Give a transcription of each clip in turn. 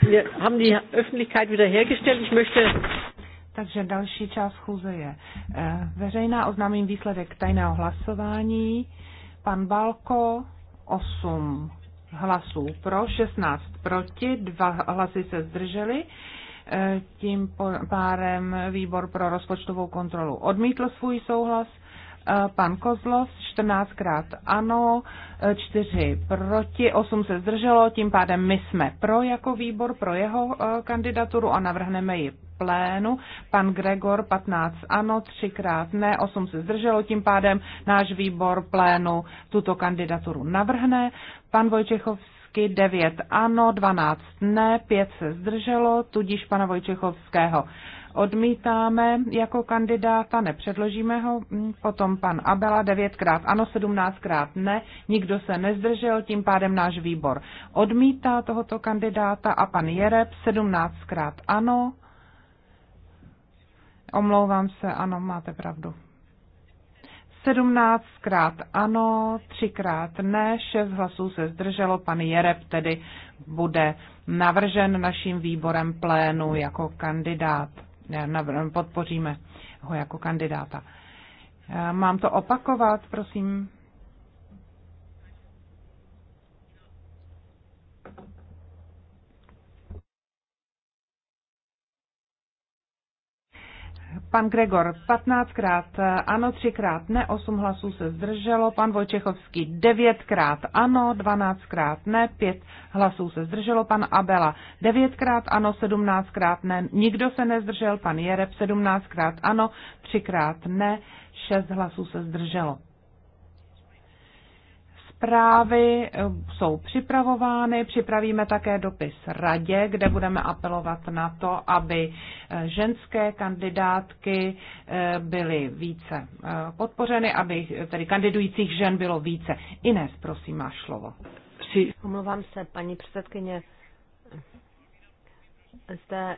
Wir haben die Öffentlichkeit wiederhergestellt. Ich möchte takže další část schůze je eh, veřejná. Oznámím výsledek tajného hlasování. Pan Balko 8 hlasů pro, 16 proti, 2 hlasy se zdrželi. Eh, tím pádem výbor pro rozpočtovou kontrolu odmítl svůj souhlas Eh, pan Kozlov 14 krát ano, 4 eh, proti, 8 se zdrželo, tím pádem my jsme pro jako výbor, pro jeho eh, kandidaturu a navrhneme ji plénu. Pan Gregor 15 ano, 3 krát ne, 8 se zdrželo, tím pádem náš výbor plénu tuto kandidaturu navrhne. Pan Vojčechovský 9 ano, 12 ne, 5 se zdrželo, tudíž pana Vojčechovského odmítáme jako kandidáta, nepředložíme ho. Mm, Potom pan Abela devětkrát ano, sedmnáctkrát ne, nikdo se nezdržel, tím pádem náš výbor odmítá tohoto kandidáta a pan Jereb sedmnáctkrát ano. Omlouvám se, ano, máte pravdu. 17krát ano, 3krát ne, 6 hlasů se zdrželo, pan Jereb tedy bude navržen naším výborem plénu jako kandidát podpoříme ho jako kandidáta. Mám to opakovat, prosím? Pan Gregor 15krát eh, ano, 3krát ne, 8 hlasů se zdrželo. Pan Vojčechovský 9krát ano, 12krát ne, 5 hlasů se zdrželo. Pan Abela 9krát ano, 17krát ne, nikdo se nezdržel. Pan Jereb 17krát ano, 3krát ne, 6 hlasů se zdrželo zprávy eh, jsou připravovány. Připravíme také dopis radě, kde budeme apelovat na to, aby eh, ženské kandidátky eh, byly více podpořeny, aby tedy kandidujících žen bylo více. Ines, prosím, máš slovo. Omlouvám se, paní předsedkyně. Zde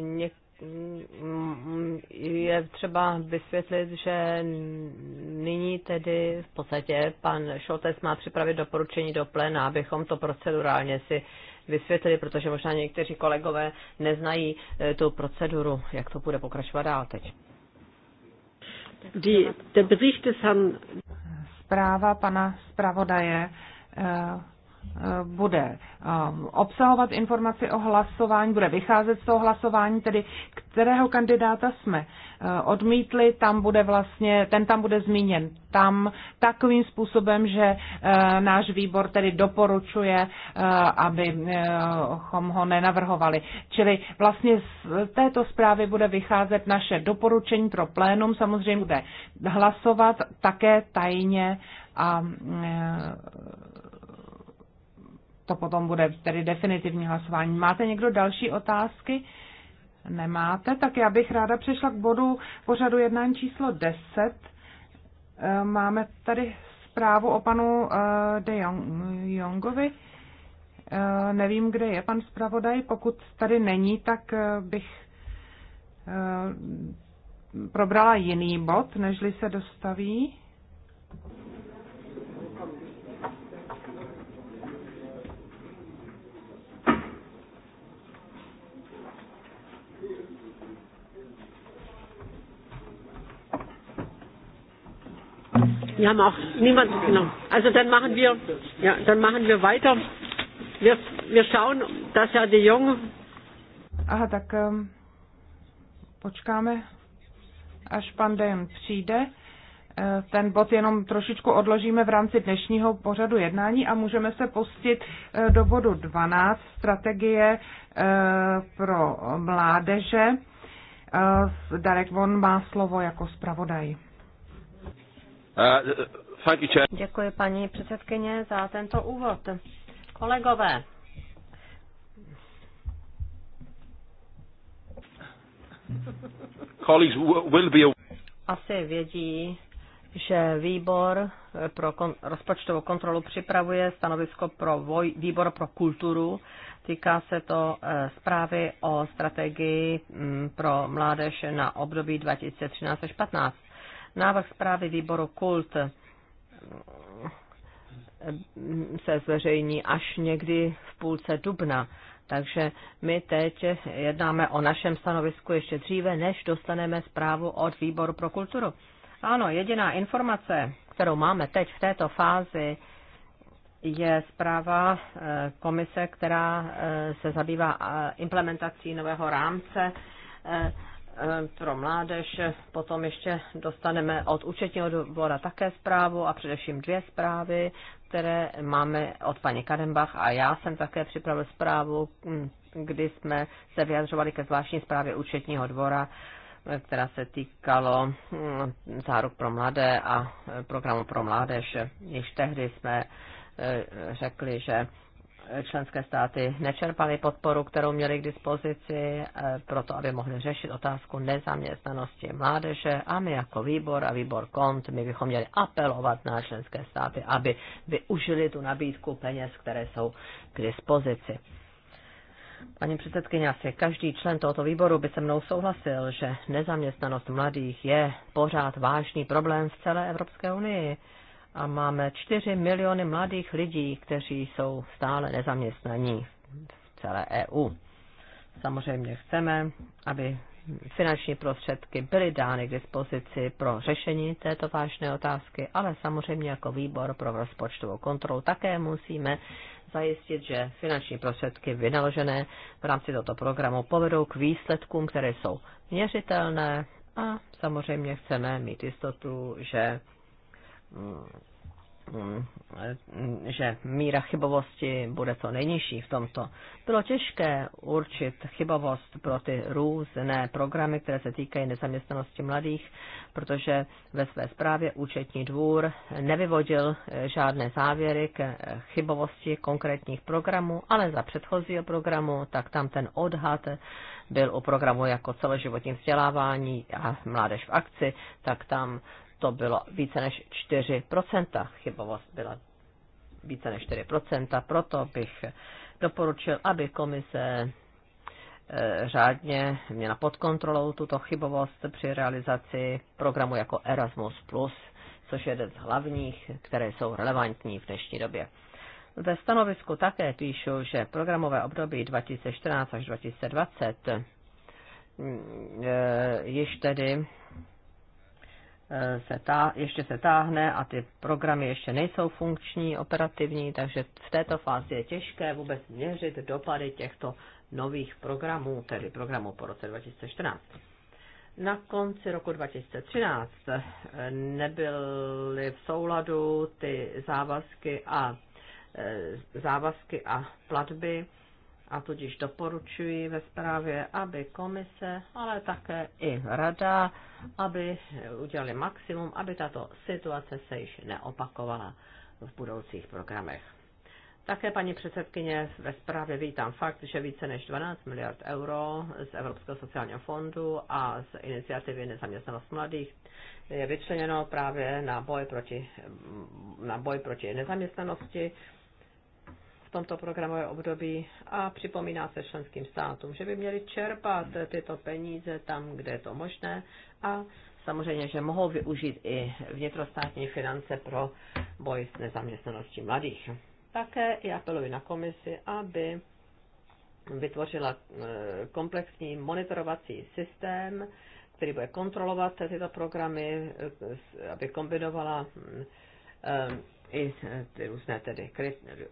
něk- je třeba vysvětlit, že nyní tedy v podstatě pan Šoltes má připravit doporučení do plena, abychom to procedurálně si vysvětlili, protože možná někteří kolegové neznají eh, tu proceduru, jak to bude pokračovat dál teď. Zpráva pana zpravodaje eh, Eh, bude eh, obsahovat informaci o hlasování, bude vycházet z toho hlasování, tedy kterého kandidáta jsme eh, odmítli, tam bude vlastně, ten tam bude zmíněn tam takovým způsobem, že náš výbor tedy doporučuje, abychom ho nenavrhovali. Čili vlastně z této zprávy bude vycházet naše doporučení pro plénum, samozřejmě bude hlasovat také tajně a to potom bude tedy definitivní hlasování. Máte někdo další otázky? Nemáte, tak já bych ráda přešla k bodu pořadu jednání číslo 10. Eh, máme tady zprávu o panu eh, De Jongovi. Eh, nevím, kde je pan zpravodaj. Pokud tady není, tak bych probrala jiný bod, nežli se dostaví. Wir haben auch niemanden, genau. Also dann machen wir, ja, dann machen wir weiter. Wir, wir schauen, dass ja die Jong. Aha, tak um, počkáme, až pan Den přijde. Eh, ten bod jenom trošičku odložíme v rámci dnešního pořadu jednání a můžeme se pustit eh, do bodu 12, strategie eh, pro mládeže. Darek Von má slovo jako zpravodaj. Děkuji paní předsedkyně za tento úvod. Kolegové, asi vědí, že výbor pro kon- rozpočtovou kontrolu připravuje stanovisko pro voj- výbor pro kulturu. Týká se to e, zprávy o strategii m, mm, pro mládež na období 2013 až 15. Návrh zprávy výboru KULT eh, se zveřejní až někdy v půlce dubna. Takže my teď jednáme o našem stanovisku ještě dříve, než dostaneme zprávu od výboru pro kulturu. Ano, jediná informace, kterou máme teď v této fázi, je zpráva eh, komise, která eh, se zabývá implementací nového rámce Eh, pro mládež. Potom ještě dostaneme od účetního dvora také zprávu a především dvě zprávy, které máme od paní Kadembach a já jsem také připravil zprávu, hm, kdy jsme se vyjadřovali ke zvláštní zprávě účetního dvora, eh, která se týkalo hm, záruk pro mladé a eh, programu pro mládež. Již tehdy jsme řekli, že členské státy nečerpaly podporu, kterou měly k dispozici, eh, proto aby mohli řešit otázku nezaměstnanosti mládeže a my jako výbor a výbor kont, my bychom měli apelovat na členské státy, aby využili tu nabídku peněz, které jsou k dispozici. Paní předsedkyně, asi každý člen tohoto výboru by se mnou souhlasil, že nezaměstnanost mladých je pořád vážný problém v celé Evropské unii a máme 4 miliony mladých lidí, kteří jsou stále nezaměstnaní v celé EU. Samozřejmě chceme, aby finanční prostředky byly dány k dispozici pro řešení této vážné otázky, ale samozřejmě jako výbor pro rozpočtovou kontrolu také musíme zajistit, že finanční prostředky vynaložené v rámci tohoto programu povedou k výsledkům, které jsou měřitelné a samozřejmě chceme mít jistotu, že že míra chybovosti bude co nejnižší v tomto. Bylo těžké určit chybovost pro ty různé programy, které se týkají nezaměstnanosti mladých, protože ve své zprávě účetní dvůr nevyvodil žádné závěry k chybovosti konkrétních programů, ale za předchozího programu, tak tam ten odhad byl u programu jako celoživotní vzdělávání a mládež v akci, tak tam to bylo více než 4%, chybovost byla více než 4%, proto bych doporučil, aby komise eh, řádně měla pod kontrolou tuto chybovost při realizaci programu jako Erasmus+, což je jeden z hlavních, které jsou relevantní v dnešní době. Ve stanovisku také píšu, že programové období 2014 až 2020 mm, eh, již tedy Eh, se tá, ještě se táhne a ty programy ještě nejsou funkční, operativní, takže v této fázi je těžké vůbec měřit dopady těchto nových programů, tedy programů po roce 2014. Na konci roku 2013 eh, nebyly v souladu ty závazky a eh, závazky a platby a tudíž doporučuji ve zprávě, aby komise, ale také i rada, aby udělali maximum, aby tato situace se již neopakovala v budoucích programech. Také, paní předsedkyně, ve zprávě vítám fakt, že více než 12 miliard euro z Evropského sociálního fondu a z iniciativy nezaměstnanost mladých je vyčleněno právě na boj proti, na boj proti nezaměstnanosti tomto programové období a připomíná se členským státům, že by měli čerpat tyto peníze tam, kde je to možné a samozřejmě, že mohou využít i vnitrostátní finance pro boj s nezaměstnaností mladých. Také i apeluji na komisi, aby vytvořila e, komplexní monitorovací systém, který bude kontrolovat tyto programy, e, aby kombinovala e, i e, ty různé tedy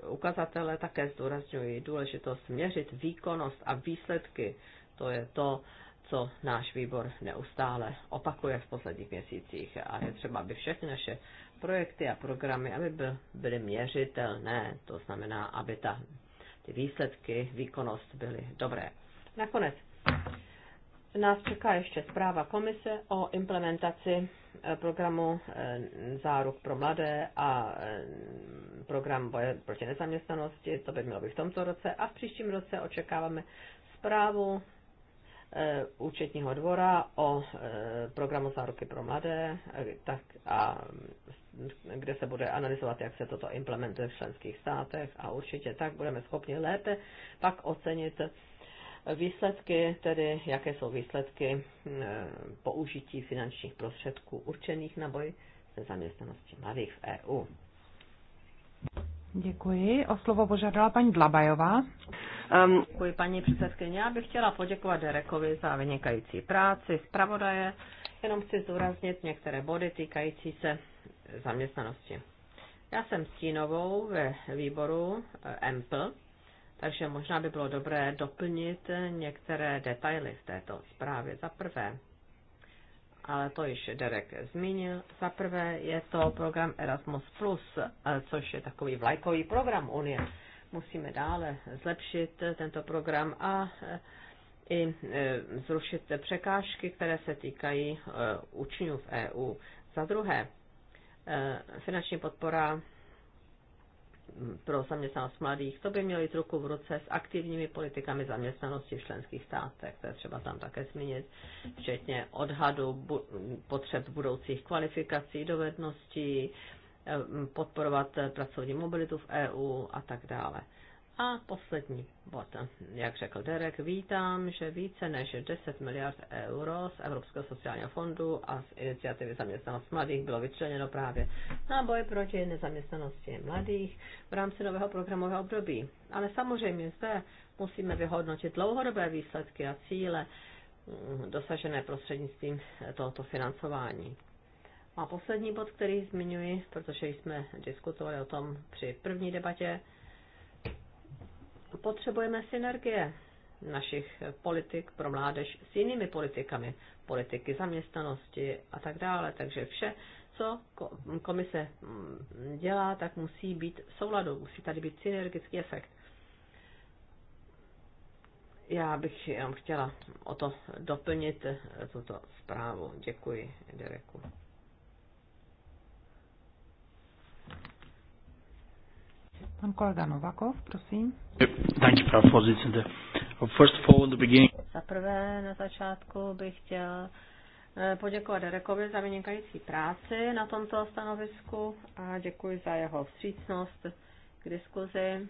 ukazatele. Také zdůrazňují důležitost měřit výkonnost a výsledky. To je to, co náš výbor neustále opakuje v posledních měsících. A je třeba, aby všechny naše projekty a programy, aby byly měřitelné, to znamená, aby ta, ty výsledky, výkonnost byly dobré. Nakonec nás čeká ještě zpráva komise o implementaci eh, programu eh, záruk pro mladé a eh, program boje proti nezaměstnanosti, to by mělo být v tomto roce a v příštím roce očekáváme zprávu účetního dvora o programu záruky pro mladé, tak a mm, kde se bude analyzovat, jak se toto implementuje v členských státech a určitě tak budeme schopni lépe pak ocenit výsledky, tedy jaké jsou výsledky mm, e, použití finančních prostředků určených na boj se zaměstnaností mladých v EU. Děkuji. O slovo požádala paní Dlabajová. Um, děkuji paní předsedkyně. Já bych chtěla poděkovat Derekovi za vynikající práci, zpravodaje. Jenom chci zdůraznit některé body týkající se zaměstnanosti. Já jsem stínovou ve výboru EMPL takže možná by bylo dobré doplnit některé detaily v této zprávě. Za prvé, ale to již Derek zmínil. Za prvé je to program Erasmus+, eh, což je takový vlajkový program Unie. Musíme dále zlepšit tento program a eh, i eh, zrušit překážky, které se týkají učňů v EU. Za druhé, finanční podpora pro zaměstnanost mladých, to by měli jít ruku v ruce s aktivními politikami zaměstnanosti v členských státech. To je třeba tam také zmínit, včetně odhadu bu- potřeb budoucích kvalifikací, dovedností, eh, podporovat eh, pracovní mobilitu v EU a tak dále. A poslední bod. Jak řekl Derek, vítám, že více než 10 miliard euro z Evropského sociálního fondu a z iniciativy zaměstnanost mladých bylo vyčleněno právě na boj proti nezaměstnanosti mladých v rámci nového programového období. Ale samozřejmě zde musíme vyhodnotit dlouhodobé výsledky a cíle mm, dosažené prostřednictvím tohoto financování. A poslední bod, který zmiňuji, protože jsme diskutovali o tom při první debatě, Potřebujeme synergie našich politik pro mládež s jinými politikami, politiky zaměstnanosti a tak dále. Takže vše, co komise mm, dělá, tak musí být souladu, musí tady být synergický efekt. Já bych jenom chtěla o to doplnit eh, tuto zprávu. Děkuji, Dereku. Pan kolega Novakov, prosím. Za prvé na začátku bych chtěl eh, poděkovat Rekovi za vynikající práci na tomto stanovisku a děkuji za jeho vstřícnost k diskuzi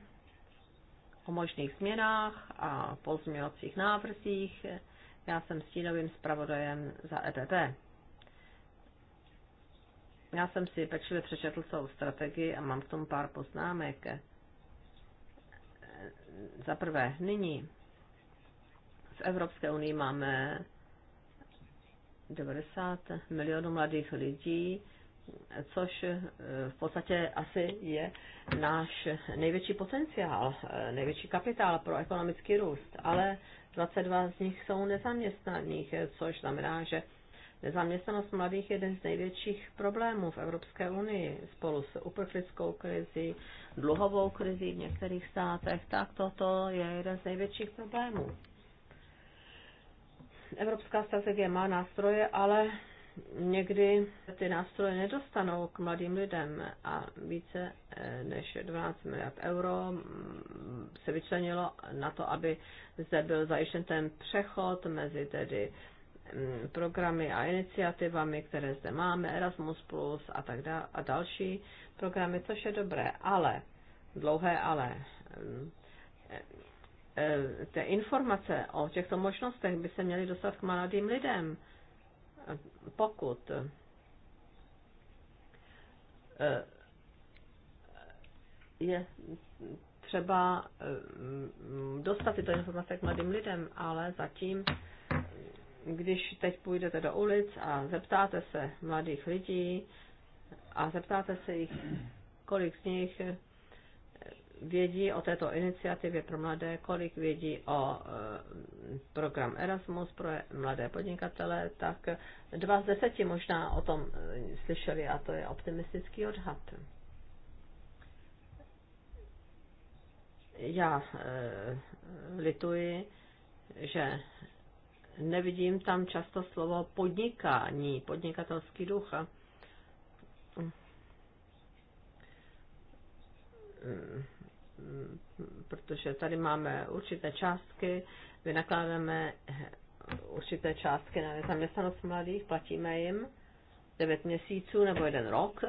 o možných změnách a pozměňovacích návrzích. Já jsem stínovým zpravodajem za EPP. Já jsem si pečlivě přečetl celou strategii a mám v tom pár poznámek. Za prvé, nyní v Evropské unii máme 90 milionů mladých lidí, což eh, v podstatě asi je náš největší potenciál, eh, největší kapitál pro ekonomický růst, ale 22 z nich jsou nezaměstnaných, což znamená, že Nezaměstnanost mladých je jeden z největších problémů v Evropské unii spolu s uprchlickou krizi, dluhovou krizi v některých státech, tak toto je jeden z největších problémů. Evropská strategie má nástroje, ale někdy ty nástroje nedostanou k mladým lidem a více eh, než 12 miliard euro mm, se vyčlenilo na to, aby zde byl zajištěn ten přechod mezi tedy Mm, programy a iniciativami, které zde máme, Erasmus Plus a tak dále a další programy, což je dobré, ale, dlouhé ale, mm, e, e, ty informace o těchto možnostech by se měly dostat k mladým lidem, pokud e, je třeba dostat tyto informace k mladým lidem, ale zatím když teď půjdete do ulic a zeptáte se mladých lidí a zeptáte se jich, kolik z nich vědí o této iniciativě pro mladé, kolik vědí o eh, program Erasmus pro mladé podnikatele, tak dva z deseti možná o tom eh, slyšeli a to je optimistický odhad. Já eh, lituji, že nevidím tam často slovo podnikání, podnikatelský duch. Protože tady máme určité částky, vynakládáme určité částky na nezaměstnanost mladých, platíme jim 9 měsíců nebo jeden rok,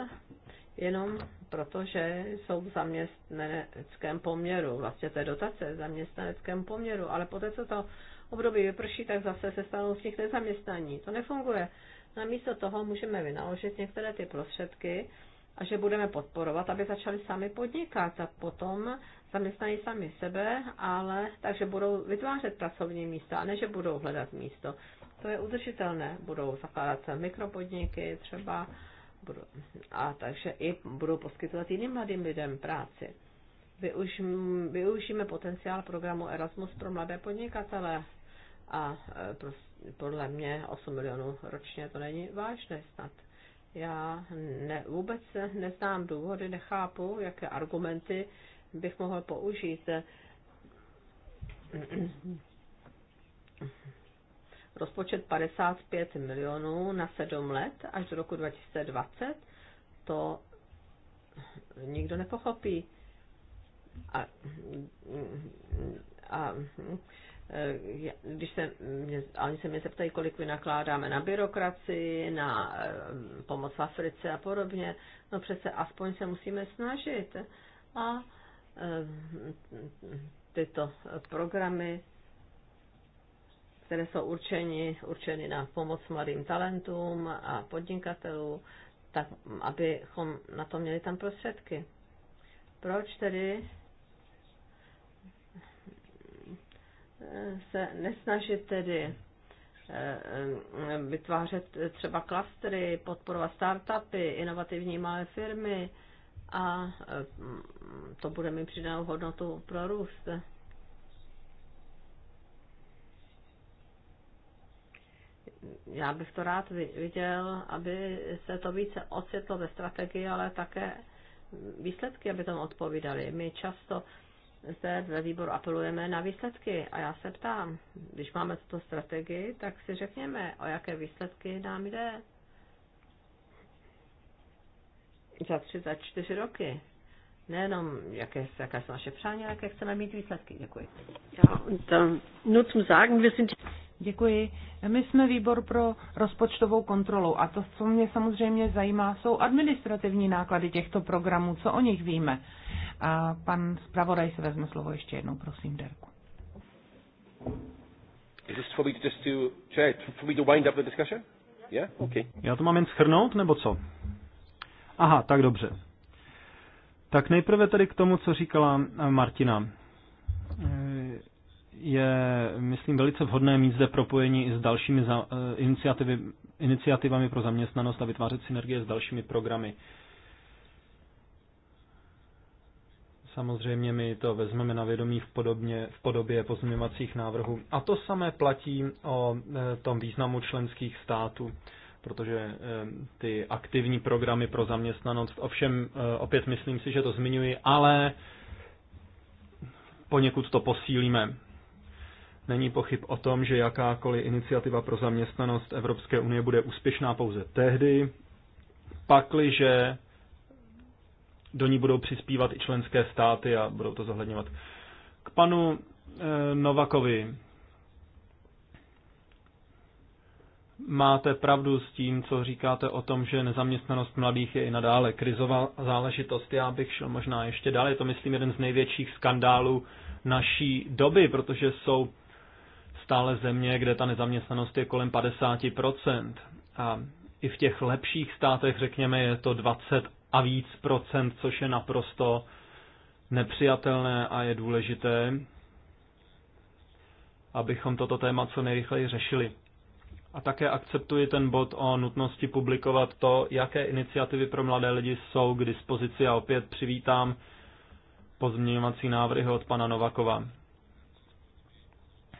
jenom protože jsou v zaměstnaneckém poměru, vlastně to je dotace v zaměstnaneckém poměru, ale poté, co to období vyprší, tak zase se stanou z těch nezaměstnaní. To nefunguje. Namísto no toho můžeme vynaložit některé ty prostředky a že budeme podporovat, aby začali sami podnikat a potom zaměstnají sami sebe, ale takže budou vytvářet pracovní místa a ne, že budou hledat místo. To je udržitelné. Budou zakládat mikropodniky třeba a takže i budou poskytovat jiným mladým lidem práci. Využijeme potenciál programu Erasmus pro mladé podnikatele a e, podle mě 8 milionů ročně to není vážné snad. Já ne, vůbec neznám důvody, nechápu, jaké argumenty bych mohl použít. Rozpočet 55 milionů na 7 let až do roku 2020, to nikdo nepochopí. A, a, Eh, když se mě, oni se mě zeptají, kolik nakládáme na byrokracii, na eh, pomoc v Africe a podobně, no přece aspoň se musíme snažit. A eh, tyto programy, které jsou určeny, určeny na pomoc mladým talentům a podnikatelům, tak abychom na to měli tam prostředky. Proč tedy se nesnažit tedy eh, eh, vytvářet třeba klastry, podporovat startupy, inovativní malé firmy a eh, to bude mít přidanou hodnotu pro růst. Já bych to rád viděl, aby se to více ocitlo ve strategii, ale také výsledky, aby tomu odpovídali. My často zde ve výboru apelujeme na výsledky. A já se ptám, když máme tuto strategii, tak si řekněme, o jaké výsledky nám jde za tři, za čtyři roky. Nejenom, jaké, jaké jsou naše přání, ale jaké chceme mít výsledky. Děkuji. Já, und, uh, nur zum sagen, wir sind... Děkuji. My jsme výbor pro rozpočtovou kontrolu a to, co mě samozřejmě zajímá, jsou administrativní náklady těchto programů, co o nich víme. A pan zpravodaj se vezme slovo ještě jednou, prosím, Derku. Já to mám jen schrnout, nebo co? Aha, tak dobře. Tak nejprve tedy k tomu, co říkala Martina je, myslím, velice vhodné mít zde propojení i s dalšími za, eh, iniciativy, iniciativami pro zaměstnanost a vytvářet synergie s dalšími programy. Samozřejmě my to vezmeme na vědomí v, podobně, v podobě pozměňovacích návrhů. A to samé platí o eh, tom významu členských států, protože eh, ty aktivní programy pro zaměstnanost, ovšem opět myslím si, že to zmiňuji, ale poněkud to posílíme. Není pochyb o tom, že jakákoliv iniciativa pro zaměstnanost Evropské unie bude úspěšná pouze tehdy, pakliže do ní budou přispívat i členské státy a budou to zohledňovat. K panu eh, Novakovi. Máte pravdu s tím, co říkáte o tom, že nezaměstnanost mladých je i nadále krizová záležitost. Já bych šel možná ještě dál. Je to, myslím, jeden z největších skandálů naší doby, protože jsou stále země, kde ta nezaměstnanost je kolem 50%. A i v těch lepších státech, řekněme, je to 20 a víc procent, což je naprosto nepřijatelné a je důležité, abychom toto téma co nejrychleji řešili. A také akceptuji ten bod o nutnosti publikovat to, jaké iniciativy pro mladé lidi jsou k dispozici a opět přivítám pozměňovací návrhy od pana Novakova.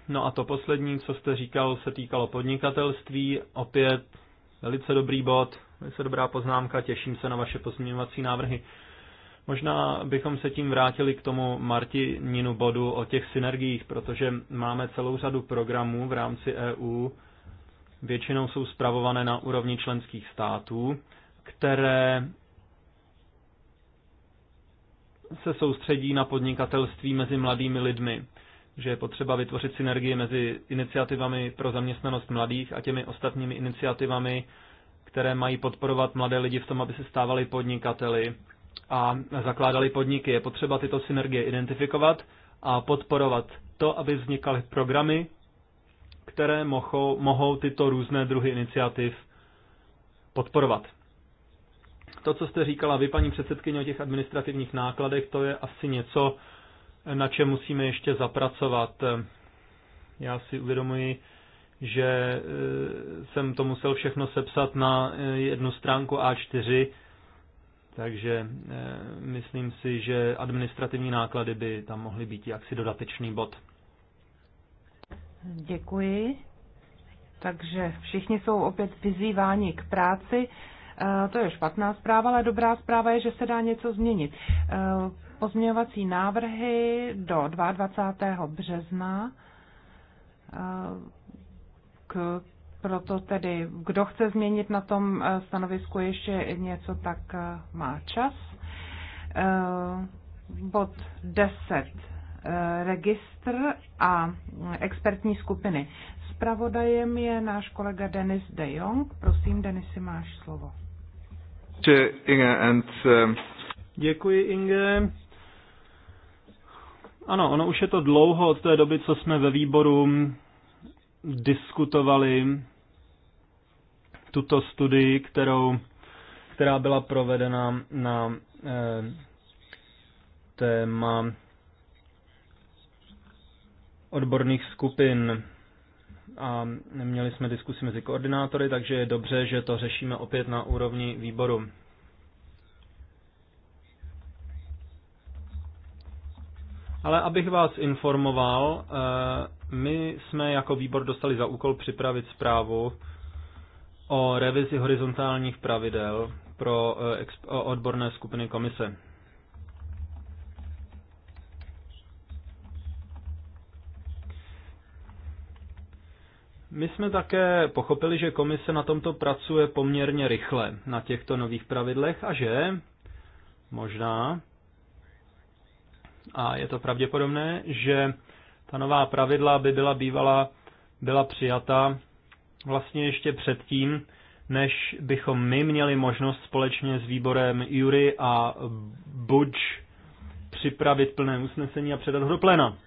No a to poslední, co jste říkal, se týkalo podnikatelství. Opět velice dobrý bod, velice dobrá poznámka, těším se na vaše pozměňovací návrhy. Možná bychom se tím vrátili k tomu Martininu bodu o těch synergiích, protože máme celou řadu programů v rámci EU, většinou jsou zpravované na úrovni členských států, které se soustředí na podnikatelství mezi mladými lidmi že je potřeba vytvořit synergii mezi iniciativami pro zaměstnanost mladých a těmi ostatními iniciativami, které mají podporovat mladé lidi v tom, aby se stávali podnikateli a zakládali podniky. Je potřeba tyto synergie identifikovat a podporovat to, aby vznikaly programy, které mohou, mohou tyto různé druhy iniciativ podporovat. To, co jste říkala vy, paní předsedkyně, o těch administrativních nákladech, to je asi něco, na čem musíme ještě zapracovat. Já si uvědomuji, že eh, jsem to musel všechno sepsat na eh, jednu stránku A4, takže eh, myslím si, že administrativní náklady by tam mohly být jaksi dodatečný bod. Děkuji. Takže všichni jsou opět vyzýváni k práci. To je špatná zpráva, ale dobrá zpráva je, že se dá něco změnit pozměňovací návrhy do 22. března. Eh, k, proto tedy, kdo chce změnit na tom eh, stanovisku ještě něco, tak eh, má čas. Bod 10. Registr a expertní skupiny. Spravodajem je náš kolega Denis de Jong. Prosím, Denisi, máš slovo. Inge and, Děkuji, Inge. Ano, ono už je to dlouho od té doby, co jsme ve výboru diskutovali tuto studii, kterou, která byla provedena na eh, téma odborných skupin a neměli jsme diskusi mezi koordinátory, takže je dobře, že to řešíme opět na úrovni výboru. Ale abych vás informoval, eh, my jsme jako výbor dostali za úkol připravit zprávu o revizi horizontálních pravidel pro eh, odborné skupiny komise. My jsme také pochopili, že komise na tomto pracuje poměrně rychle, na těchto nových pravidlech a že možná a je to pravděpodobné, že ta nová pravidla by byla bývala, byla přijata vlastně ještě předtím, než bychom my měli možnost společně s výborem Jury a Budž připravit plné usnesení a předat ho do pléna.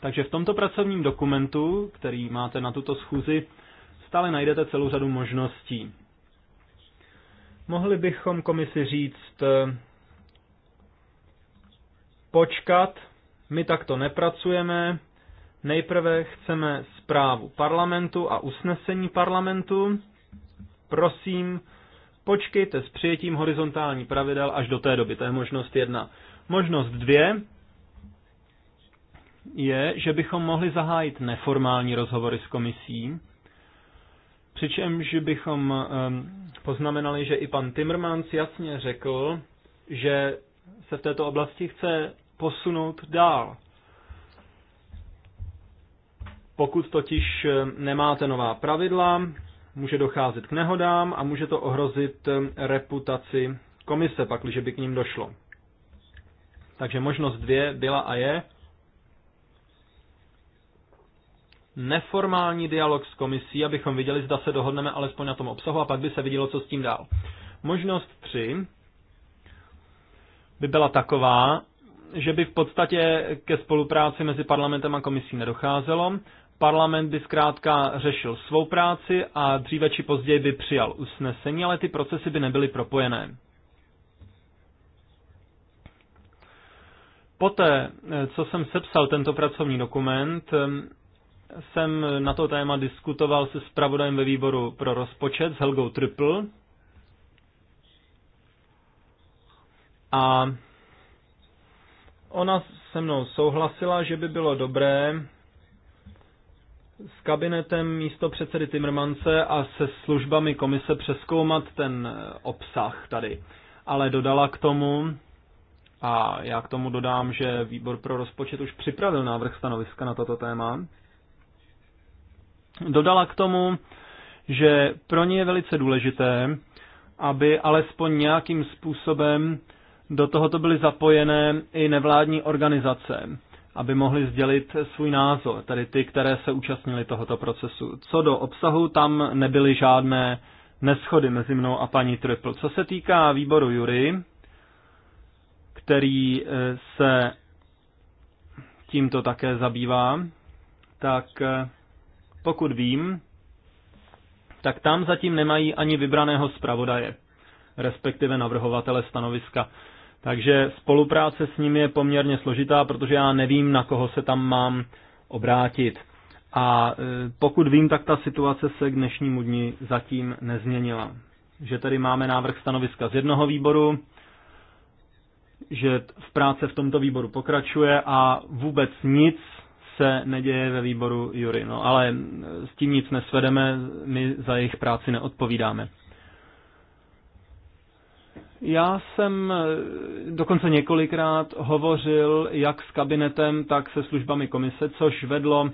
Takže v tomto pracovním dokumentu, který máte na tuto schůzi, stále najdete celou řadu možností. Mohli bychom komisi říct, počkat, my takto nepracujeme, nejprve chceme zprávu parlamentu a usnesení parlamentu. Prosím, počkejte s přijetím horizontální pravidel až do té doby. To je možnost jedna. Možnost dvě je, že bychom mohli zahájit neformální rozhovory s komisí, přičemž bychom ehm, poznamenali, že i pan Timmermans jasně řekl, že se v této oblasti chce posunout dál. Pokud totiž eh, nemáte nová pravidla, může docházet k nehodám a může to ohrozit eh, reputaci komise, pakliže by k ním došlo. Takže možnost dvě byla a je neformální dialog s komisí, abychom viděli, zda se dohodneme alespoň na tom obsahu a pak by se vidělo, co s tím dál. Možnost tři by byla taková, že by v podstatě ke spolupráci mezi parlamentem a komisí nedocházelo. Parlament by zkrátka řešil svou práci a dříve či později by přijal usnesení, ale ty procesy by nebyly propojené. Poté, co jsem sepsal tento pracovní dokument, jsem na to téma diskutoval se zpravodajem ve výboru pro rozpočet s Helgou Triple A ona se mnou souhlasila, že by bylo dobré s kabinetem místo předsedy Timmermance a se službami komise přeskoumat ten eh, obsah tady. Ale dodala k tomu, a já k tomu dodám, že výbor pro rozpočet už připravil návrh stanoviska na toto téma, dodala k tomu, že pro ně je velice důležité, aby alespoň nějakým způsobem do tohoto byly zapojené i nevládní organizace, aby mohli sdělit svůj názor, tedy ty, které se účastnili tohoto procesu. Co do obsahu, tam nebyly žádné neschody mezi mnou a paní Triple. Co se týká výboru Jury, který eh, se tímto také zabývá, tak eh, pokud vím, tak tam zatím nemají ani vybraného zpravodaje, respektive navrhovatele stanoviska. Takže spolupráce s nimi je poměrně složitá, protože já nevím, na koho se tam mám obrátit. A e, pokud vím, tak ta situace se k dnešnímu dni zatím nezměnila. Že tady máme návrh stanoviska z jednoho výboru, že v práce v tomto výboru pokračuje a vůbec nic se neděje ve výboru Jury. No ale s tím nic nesvedeme, my za jejich práci neodpovídáme. Já jsem eh, dokonce několikrát hovořil jak s kabinetem, tak se službami komise, což vedlo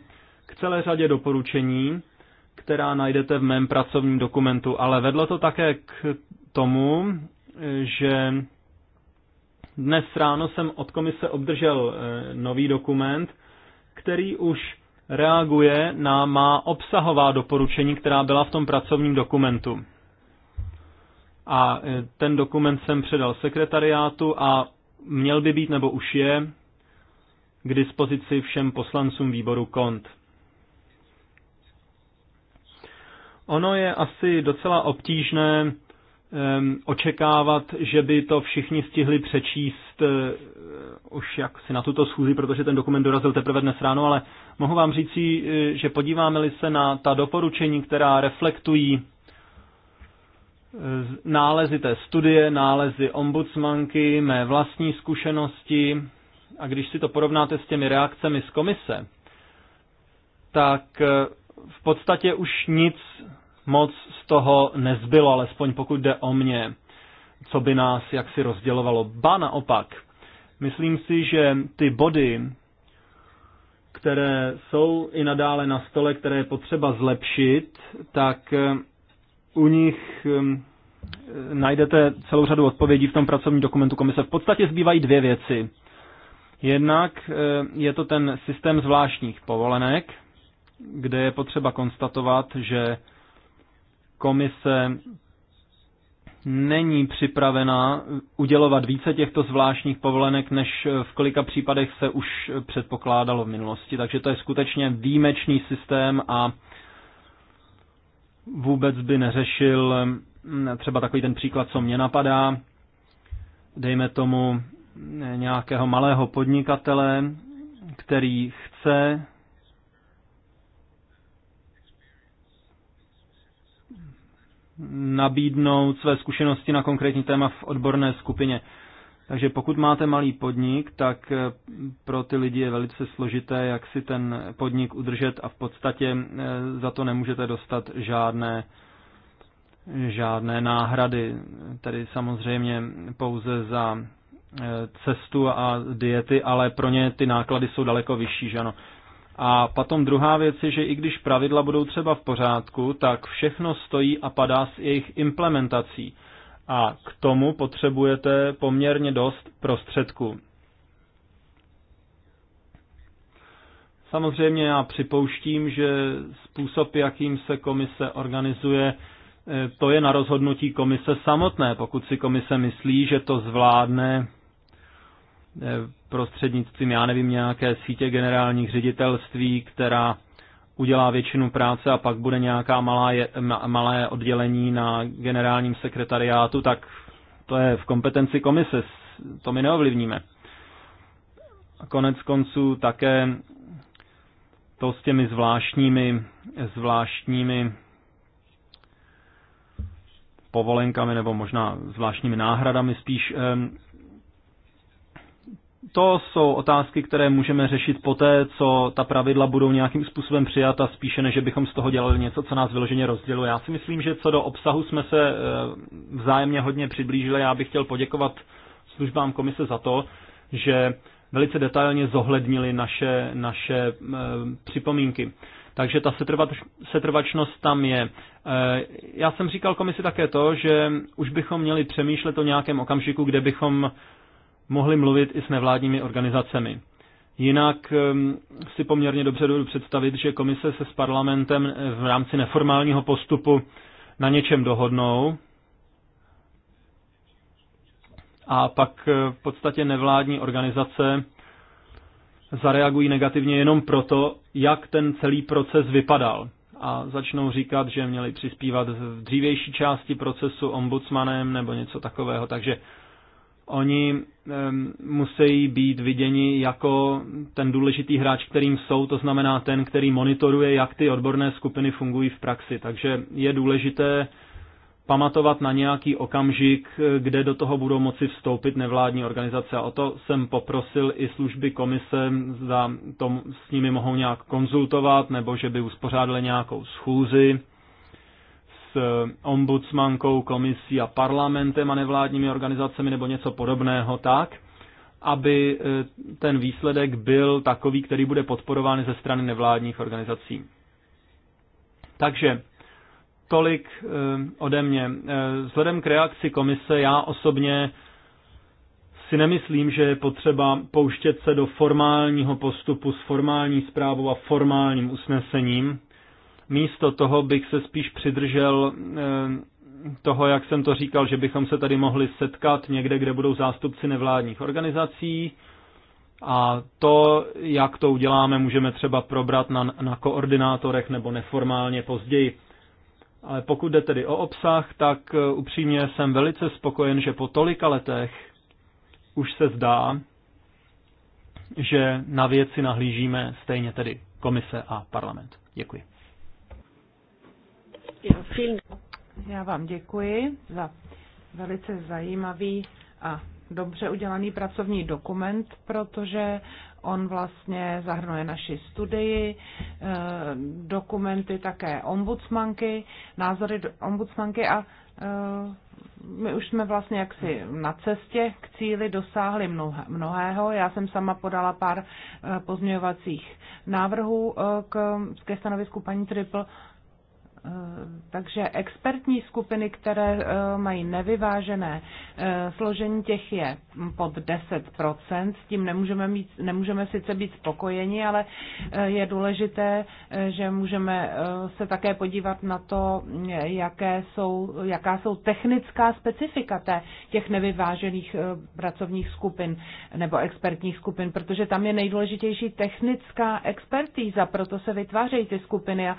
k celé řadě doporučení, která najdete v mém pracovním dokumentu, ale vedlo to také k tomu, eh, že dnes ráno jsem od komise obdržel eh, nový dokument, který už reaguje na má obsahová doporučení, která byla v tom pracovním dokumentu. A e, ten dokument jsem předal sekretariátu a měl by být, nebo už je, k dispozici všem poslancům výboru KONT. Ono je asi docela obtížné um, očekávat, že by to všichni stihli přečíst uh, už jaksi na tuto schůzi, protože ten dokument dorazil teprve dnes ráno, ale mohu vám říci, e, že podíváme-li se na ta doporučení, která reflektují nálezy té studie, nálezy ombudsmanky, mé vlastní zkušenosti a když si to porovnáte s těmi reakcemi z komise, tak eh, v podstatě už nic moc z toho nezbylo, alespoň pokud jde o mě, co by nás jaksi rozdělovalo. Ba naopak, myslím si, že ty body, které jsou i nadále na stole, které je potřeba zlepšit, tak eh, u nich e, najdete celou řadu odpovědí v tom pracovním dokumentu komise. V podstatě zbývají dvě věci. Jednak e, je to ten systém zvláštních povolenek, kde je potřeba konstatovat, že komise není připravena udělovat více těchto zvláštních povolenek, než v kolika případech se už předpokládalo v minulosti. Takže to je skutečně výjimečný systém a vůbec by neřešil mm, třeba takový ten příklad, co mě napadá, dejme tomu eh, nějakého malého podnikatele, který chce mm, nabídnout své zkušenosti na konkrétní téma v odborné skupině. Takže pokud máte malý podnik, tak eh, pro ty lidi je velice složité, jak si ten podnik udržet a v podstatě eh, za to nemůžete dostat žádné, žádné náhrady. Tedy samozřejmě pouze za eh, cestu a diety, ale pro ně ty náklady jsou daleko vyšší, že ano. A potom druhá věc je, že i když pravidla budou třeba v pořádku, tak všechno stojí a padá s jejich implementací a k tomu potřebujete poměrně dost prostředků. Samozřejmě já připouštím, že způsob, jakým se komise organizuje, eh, to je na rozhodnutí komise samotné. Pokud si komise myslí, že to zvládne eh, prostřednictvím, já nevím, nějaké sítě generálních ředitelství, která udělá většinu práce a pak bude nějaká malá je, malé oddělení na generálním sekretariátu, tak to je v kompetenci komise, to my neovlivníme. A konec konců také to s těmi zvláštními, zvláštními povolenkami nebo možná zvláštními náhradami spíš to jsou otázky, které můžeme řešit poté, co ta pravidla budou nějakým způsobem přijata, spíše než bychom z toho dělali něco, co nás vyloženě rozděluje. Já si myslím, že co do obsahu jsme se eh, vzájemně hodně přiblížili. Já bych chtěl poděkovat službám komise za to, že velice detailně zohlednili naše, naše eh, připomínky. Takže ta setrvačnost tam je. Eh, já jsem říkal komisi také to, že už bychom měli přemýšlet o nějakém okamžiku, kde bychom mohli mluvit i s nevládními organizacemi. Jinak si poměrně dobře dovedu představit, že komise se s parlamentem eh, v rámci neformálního postupu na něčem dohodnou a pak eh, v podstatě nevládní organizace zareagují negativně jenom proto, jak ten celý proces vypadal. A začnou říkat, že měli přispívat v dřívější části procesu ombudsmanem nebo něco takového. Takže Oni musí být viděni jako ten důležitý hráč, kterým jsou, to znamená ten, který monitoruje, jak ty odborné skupiny fungují v praxi. Takže je důležité pamatovat na nějaký okamžik, kde do toho budou moci vstoupit nevládní organizace. A o to jsem poprosil i služby komise, zda to s nimi mohou nějak konzultovat, nebo že by uspořádali nějakou schůzi E, ombudsmankou, komisí a parlamentem a nevládními organizacemi nebo něco podobného tak, aby e, ten výsledek byl takový, který bude podporován ze strany nevládních organizací. Takže tolik e, ode mě. Vzhledem k reakci komise já osobně si nemyslím, že je potřeba pouštět se do formálního postupu s formální zprávou a formálním usnesením, Místo toho bych se spíš přidržel eh, toho, jak jsem to říkal, že bychom se tady mohli setkat někde, kde budou zástupci nevládních organizací. A to, jak to uděláme, můžeme třeba probrat na, na koordinátorech nebo neformálně později. Ale pokud jde tedy o obsah, tak eh, upřímně jsem velice spokojen, že po tolika letech už se zdá, že na věci nahlížíme stejně tedy komise a parlament. Děkuji. Já vám děkuji za velice zajímavý a dobře udělaný pracovní dokument, protože on vlastně zahrnuje naši studii, eh, dokumenty také ombudsmanky, názory ombudsmanky a eh, my už jsme vlastně jaksi na cestě k cíli dosáhli mnohého. Já jsem sama podala pár eh, pozměňovacích návrhů k, ke stanovisku paní Triple Eh, takže expertní skupiny, které eh, mají nevyvážené eh, složení, těch je pod 10%. S tím nemůžeme, mít, nemůžeme sice být spokojeni, ale je důležité, že můžeme se také podívat na to, jaké jsou, jaká jsou technická specifika té, těch nevyvážených pracovních skupin nebo expertních skupin, protože tam je nejdůležitější technická expertíza, proto se vytvářejí ty skupiny a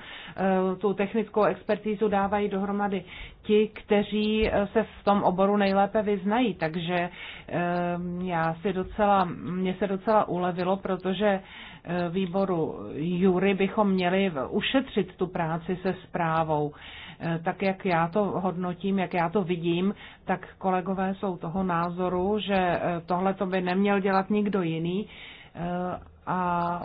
tu technickou technickou expertízu dávají dohromady ti, kteří eh, se v tom oboru nejlépe vyznají. Takže eh, já si docela, mě se docela ulevilo, protože eh, výboru Jury bychom měli ušetřit tu práci se zprávou. Tak jak já to hodnotím, jak já to vidím, tak kolegové jsou toho názoru, že tohle to by neměl dělat nikdo jiný. A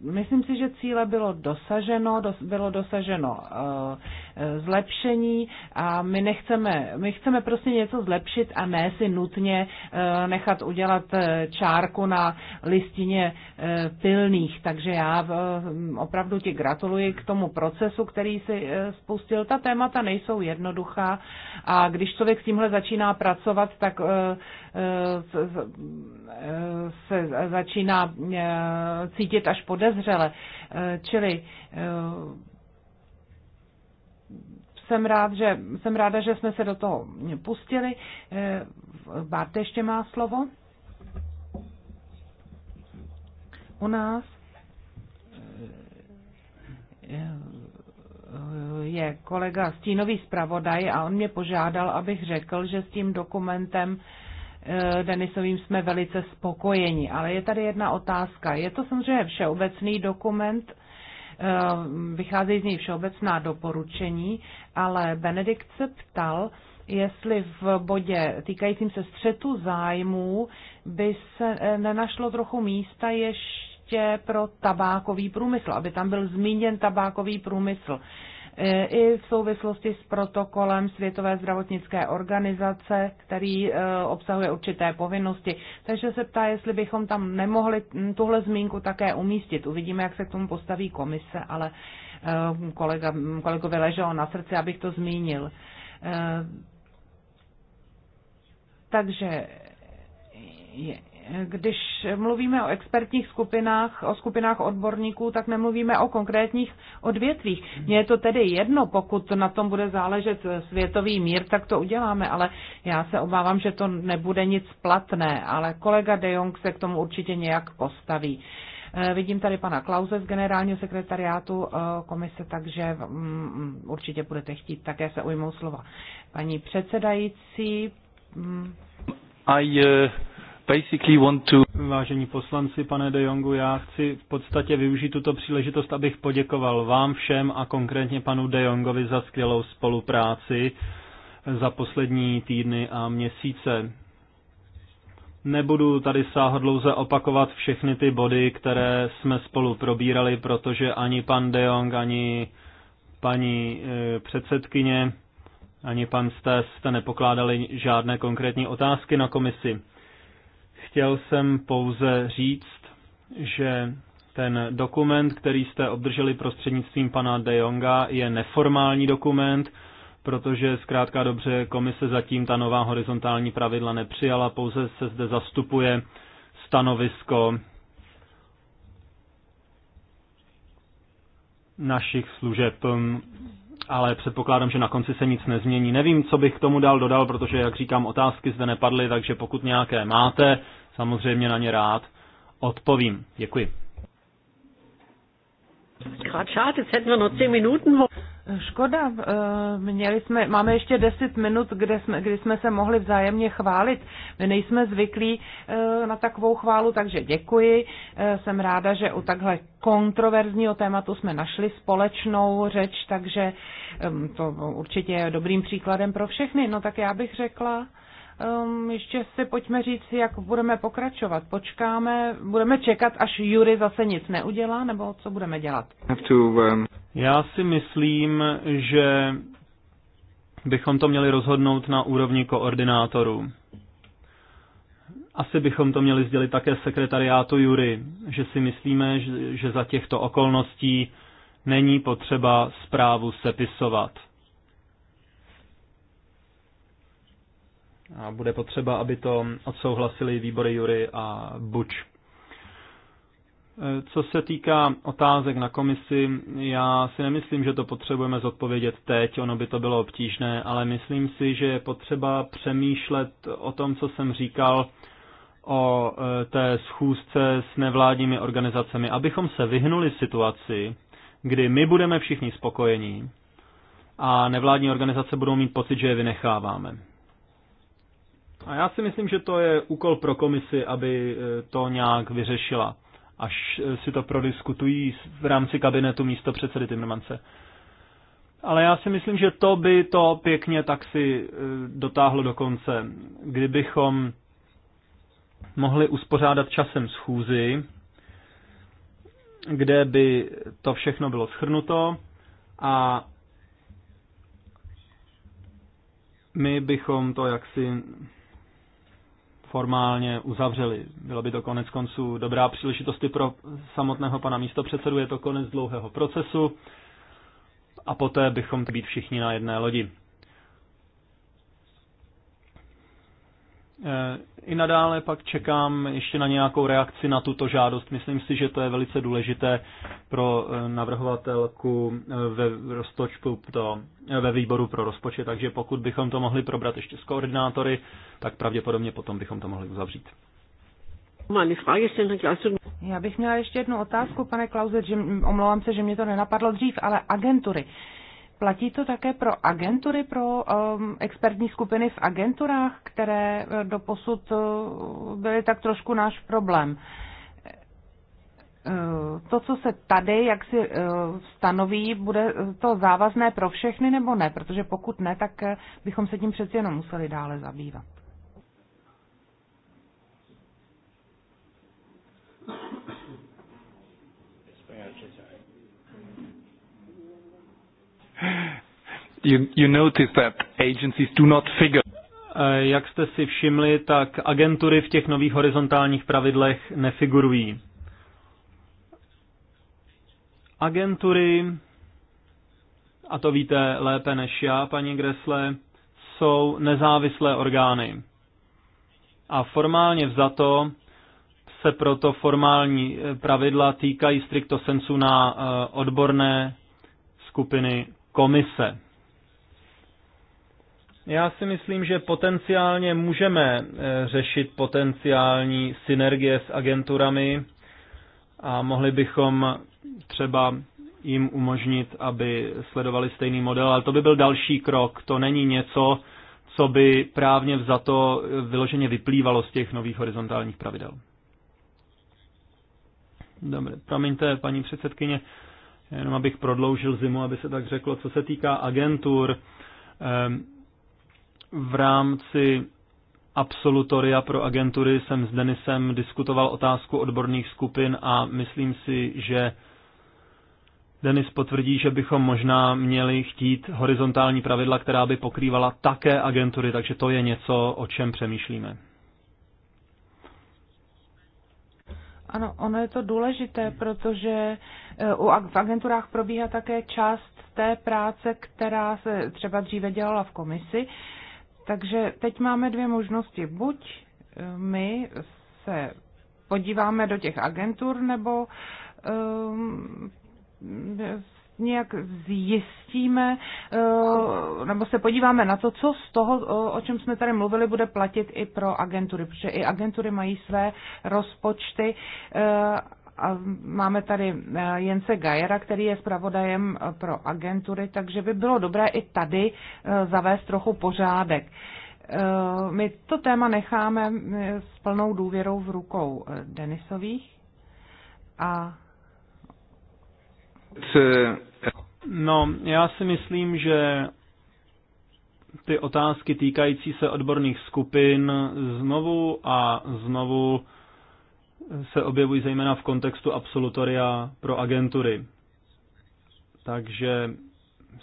Myslím si, že cíle bylo dosaženo, dos, bylo dosaženo eh, zlepšení a my nechceme, my chceme prostě něco zlepšit a ne si nutně eh, nechat udělat eh, čárku na listině eh, pilných. Takže já opravdu ti gratuluji k tomu procesu, který si spustil. Ta témata nejsou jednoduchá a když člověk s tímhle začíná pracovat, tak se začíná cítit až podezřele. Čili jsem, rád, že, jsem ráda, že jsme se do toho pustili. Eh, Bárte ještě má slovo. U nás eh, je kolega stínový zpravodaj a on mě požádal, abych řekl, že s tím dokumentem eh, Denisovým jsme velice spokojeni. Ale je tady jedna otázka. Je to samozřejmě všeobecný dokument, Eh, vycházejí z něj všeobecná doporučení, ale Benedikt se ptal, jestli v bodě týkajícím se střetu zájmů by se eh, nenašlo trochu místa ještě pro tabákový průmysl, aby tam byl zmíněn tabákový průmysl. Eh, i v souvislosti s protokolem Světové zdravotnické organizace, který eh, obsahuje určité povinnosti. Takže se ptá, jestli bychom tam nemohli tuhle zmínku také umístit. Uvidíme, jak se k tomu postaví komise, ale eh, kolega, kolegovi leželo na srdci, abych to zmínil. Takže když mluvíme o expertních skupinách, o skupinách odborníků, tak nemluvíme o konkrétních odvětvích. Mně je to tedy jedno, pokud na tom bude záležet světový mír, tak to uděláme, ale já se obávám, že to nebude nic platné, ale kolega De Jong se k tomu určitě nějak postaví. Eh, vidím tady pana Klauze z generálního sekretariátu eh, komise, takže mm, mm, určitě budete chtít také se ujmout slova. Paní předsedající. Mm. I, uh... Vážení poslanci, pane De Jongu, já chci v podstatě využít tuto příležitost, abych poděkoval vám všem a konkrétně panu De Jongovi za skvělou spolupráci za poslední týdny a měsíce. Nebudu tady sáhodlouze opakovat všechny ty body, které jsme spolu probírali, protože ani pan De Jong, ani paní eh, předsedkyně, ani pan Stes jste nepokládali žádné konkrétní otázky na komisi. Chtěl jsem pouze říct, že ten dokument, který jste obdrželi prostřednictvím pana De Jonga, je neformální dokument, protože zkrátka dobře komise zatím ta nová horizontální pravidla nepřijala, pouze se zde zastupuje stanovisko našich služeb, ale předpokládám, že na konci se nic nezmění. Nevím, co bych k tomu dal dodal, protože, jak říkám, otázky zde nepadly, takže pokud nějaké máte, samozřejmě na ně rád odpovím. Děkuji. Škoda, eh, měli jsme, máme ještě 10 minut, kde jsme, kdy jsme se mohli vzájemně chválit. My nejsme zvyklí eh, na takovou chválu, takže děkuji. Eh, jsem ráda, že u takhle kontroverzního tématu jsme našli společnou řeč, takže to určitě je dobrým příkladem pro všechny. No tak já bych řekla, um, ještě si pojďme říct, jak budeme pokračovat. Počkáme, budeme čekat, až Jury zase nic neudělá, nebo co budeme dělat? Um, Já si myslím, že bychom to měli rozhodnout na úrovni koordinátorů. Asi bychom to měli sdělit také sekretariátu Jury, že si myslíme, že za těchto okolností není potřeba zprávu sepisovat A bude potřeba, aby to odsouhlasili výbory Jury a Buč. E, co se týká otázek na komisi, já si nemyslím, že to potřebujeme zodpovědět teď, ono by to bylo obtížné, ale myslím si, že je potřeba přemýšlet o tom, co jsem říkal, o e, té schůzce s nevládními organizacemi, abychom se vyhnuli situaci, kdy my budeme všichni spokojení a nevládní organizace budou mít pocit, že je vynecháváme. A já si myslím, že to je úkol pro komisi, aby e, to nějak vyřešila, až e, si to prodiskutují v rámci kabinetu místo předsedy Timmermanse. Ale já si myslím, že to by to pěkně tak si e, dotáhlo do konce. Kdybychom mohli uspořádat časem schůzi, kde by to všechno bylo schrnuto a my bychom to jaksi formálně uzavřeli. Bylo by to konec konců dobrá příležitost pro samotného pana místopředsedu, je to konec dlouhého procesu a poté bychom být všichni na jedné lodi. I nadále pak čekám ještě na nějakou reakci na tuto žádost. Myslím si, že to je velice důležité pro eh, navrhovatelku eh, ve, roztočku to, eh, ve výboru pro rozpočet, takže pokud bychom to mohli probrat ještě s koordinátory, tak pravděpodobně potom bychom to mohli uzavřít. Já bych měla ještě jednu otázku, pane Klauze, že omlouvám se, že mě to nenapadlo dřív, ale agentury. Platí to také pro agentury, pro um, expertní skupiny v agenturách, které eh, do posud eh, byly tak trošku náš problém. Eh, to, co se tady, jak si stanoví, bude to závazné pro všechny nebo ne? Protože pokud ne, tak bychom se tím přeci jenom museli dále zabývat. you, you notice that agencies do not figure. E, jak jste si všimli, tak agentury v těch nových horizontálních pravidlech nefigurují. Agentury, a to víte lépe než já, paní Gresle, jsou nezávislé orgány. A formálně vzato se proto formální e, pravidla týkají stricto sensu na e, odborné skupiny komise. Já si myslím, že potenciálně můžeme eh, řešit potenciální synergie s agenturami a mohli bychom třeba jim umožnit, aby sledovali stejný model, ale to by byl další krok. To není něco, co by právně to eh, vyloženě vyplývalo z těch nových horizontálních pravidel. Dobře, promiňte, paní předsedkyně, jenom abych prodloužil zimu, aby se tak řeklo. Co se týká agentur, ehm, v rámci absolutoria pro agentury jsem s Denisem diskutoval otázku odborných skupin a myslím si, že Denis potvrdí, že bychom možná měli chtít horizontální pravidla, která by pokrývala také agentury, takže to je něco, o čem přemýšlíme. Ano, ono je to důležité, protože e, v agenturách probíhá také část té práce, která se třeba dříve dělala v komisi. Takže teď máme dvě možnosti. Buď e, my se podíváme do těch agentur, nebo um, nějak vlastně, zjistíme eh, nebo se podíváme na to, co z toho, eh, o čem jsme tady mluvili, bude platit i pro agentury, protože i agentury mají své rozpočty eh, a máme tady Jence Gajera, který je zpravodajem pro agentury, takže by bylo dobré i tady zavést trochu pořádek. My to téma necháme s plnou důvěrou v rukou Denisových a No, já si myslím, že ty otázky týkající se odborných skupin znovu a znovu se objevují zejména v kontextu absolutoria pro agentury. Takže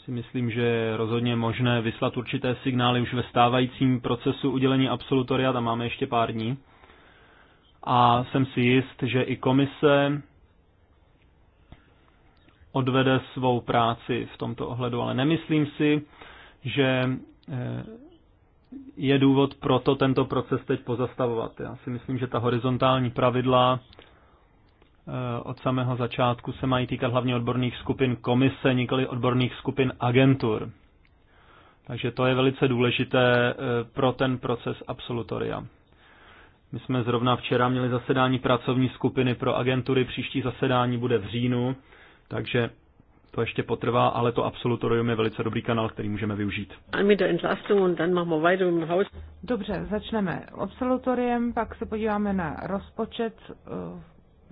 si myslím, že je rozhodně možné vyslat určité signály už ve stávajícím procesu udělení absolutoria, tam máme ještě pár dní. A jsem si jist, že i komise odvede svou práci v tomto ohledu, ale nemyslím si, že eh, je důvod pro to tento proces teď pozastavovat. Já si myslím, že ta horizontální pravidla eh, od samého začátku se mají týkat hlavně odborných skupin komise, nikoli odborných skupin agentur. Takže to je velice důležité eh, pro ten proces absolutoria. My jsme zrovna včera měli zasedání pracovní skupiny pro agentury, příští zasedání bude v říjnu takže to ještě potrvá, ale to absolutorium je velice dobrý kanál, který můžeme využít. Dobře, začneme absolutoriem, pak se podíváme na rozpočet. Eh,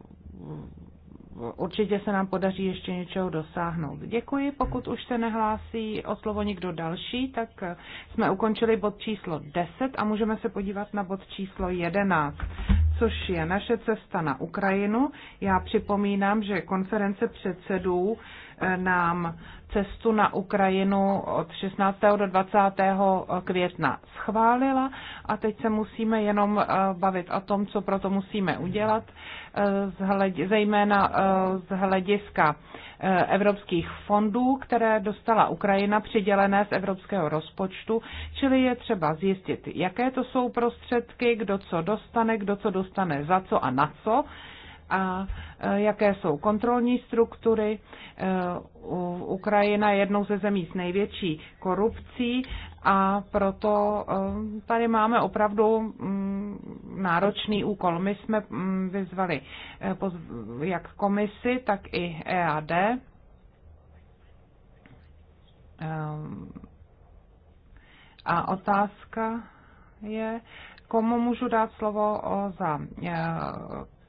určitě se nám podaří ještě něčeho dosáhnout. Děkuji, pokud už se nehlásí o slovo někdo další, tak eh, jsme ukončili bod číslo 10 a můžeme se podívat na bod číslo 11 což je naše cesta na Ukrajinu. Já připomínám, že konference předsedů nám cestu na Ukrajinu od 16. do 20. května schválila a teď se musíme jenom eh, bavit o tom, co proto musíme udělat, eh, zejména eh, z hlediska evropských fondů, které dostala Ukrajina přidělené z evropského rozpočtu, čili je třeba zjistit, jaké to jsou prostředky, kdo co dostane, kdo co dostane za co a na co, a e, jaké jsou kontrolní struktury. E, Ukrajina je jednou ze zemí s největší korupcí a proto e, tady máme opravdu mm, náročný úkol. My jsme mm, vyzvali jak komisi, tak i EAD a otázka je, komu můžu dát slovo za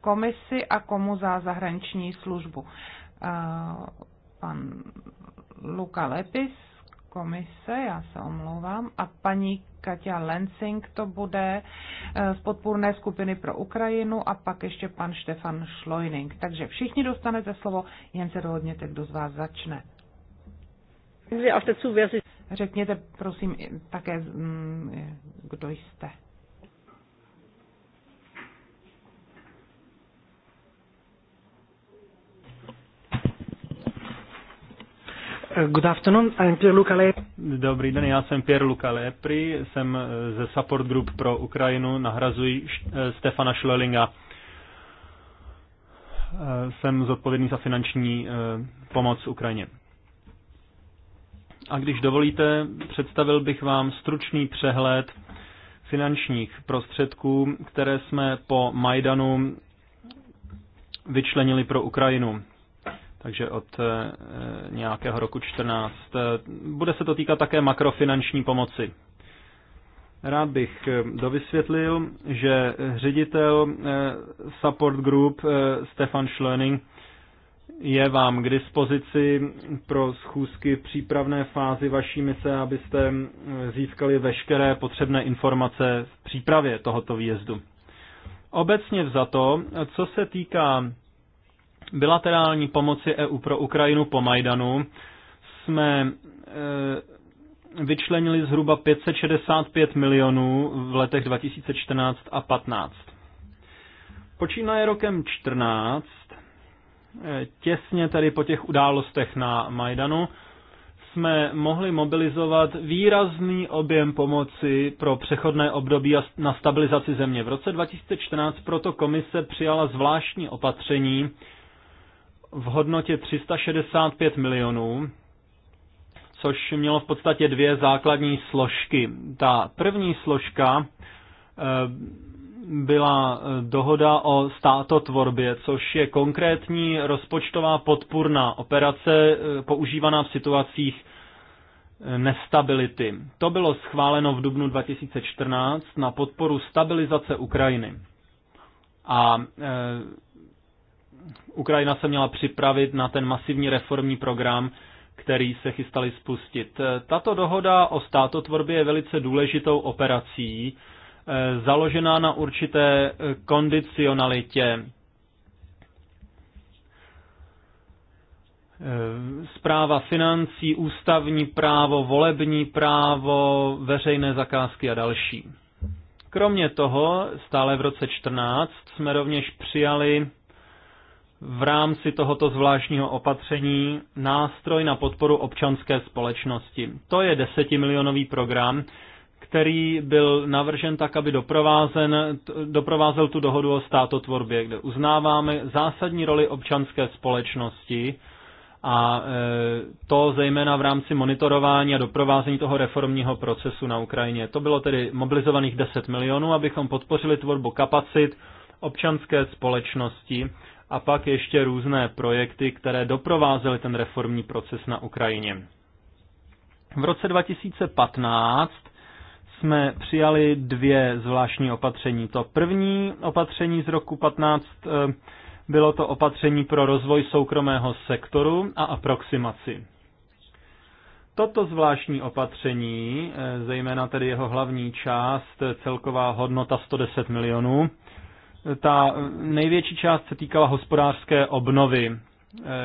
komisi a komu za zahraniční službu. Eh, pan Luka Lepis, komise, já se omlouvám, a paní Katia Lensing to bude eh, z podpůrné skupiny pro Ukrajinu a pak ještě pan Štefan Šlojning. Takže všichni dostanete slovo, jen se dohodněte, kdo z vás začne. Řekněte prosím také, mm, kdo jste. Good afternoon, I'm Pierre Luca Lepri. Dobrý den, já jsem Pierre Luca Lepri, jsem eh, ze Support Group pro Ukrajinu, nahrazuji eh, Stefana Schlelinga. Eh, jsem zodpovědný za finanční pomoc Ukrajině. A když dovolíte, představil bych vám stručný přehled finančních prostředků, které jsme po Majdanu vyčlenili pro Ukrajinu takže od eh, nějakého roku 14. Eh, bude se to týkat také makrofinanční pomoci. Rád bych eh, dovysvětlil, že ředitel Support Group Stefan Schlöning je vám k dispozici pro schůzky v přípravné fázi vaší mise, abyste získali veškeré potřebné informace v přípravě tohoto výjezdu. Obecně vzato, co se týká bilaterální pomoci EU pro Ukrajinu po Majdanu jsme e, vyčlenili zhruba 565 milionů v letech 2014 a 15. Počínaje rokem 14, e, těsně tedy po těch událostech na Majdanu, jsme mohli mobilizovat výrazný objem pomoci pro přechodné období na stabilizaci země. V roce 2014 proto komise přijala zvláštní opatření, v hodnotě 365 milionů, což mělo v podstatě dvě základní složky. Ta první složka eh, byla eh, dohoda o státotvorbě, což je konkrétní rozpočtová podpůrná operace eh, používaná v situacích nestability. To bylo schváleno v dubnu 2014 na podporu stabilizace Ukrajiny. A Ukrajina se měla připravit na ten masivní reformní program, který se chystali spustit. Tato dohoda o státotvorbě je velice důležitou operací, eh, založená na určité kondicionalitě. Eh, zpráva financí, ústavní právo, volební právo, veřejné zakázky a další. Kromě toho, stále v roce 14 jsme rovněž přijali v rámci tohoto zvláštního opatření nástroj na podporu občanské společnosti. To je desetimilionový program, který byl navržen tak, aby doprovázen, doprovázel tu dohodu o státotvorbě, kde uznáváme zásadní roli občanské společnosti a e, to zejména v rámci monitorování a doprovázení toho reformního procesu na Ukrajině. To bylo tedy mobilizovaných 10 milionů, abychom podpořili tvorbu kapacit občanské společnosti a pak ještě různé projekty, které doprovázely ten reformní proces na Ukrajině. V roce 2015 jsme přijali dvě zvláštní opatření. To první opatření z roku 15 eh, bylo to opatření pro rozvoj soukromého sektoru a aproximaci. Toto zvláštní opatření, eh, zejména tedy jeho hlavní část, eh, celková hodnota 110 milionů, ta největší část se týkala hospodářské obnovy. E,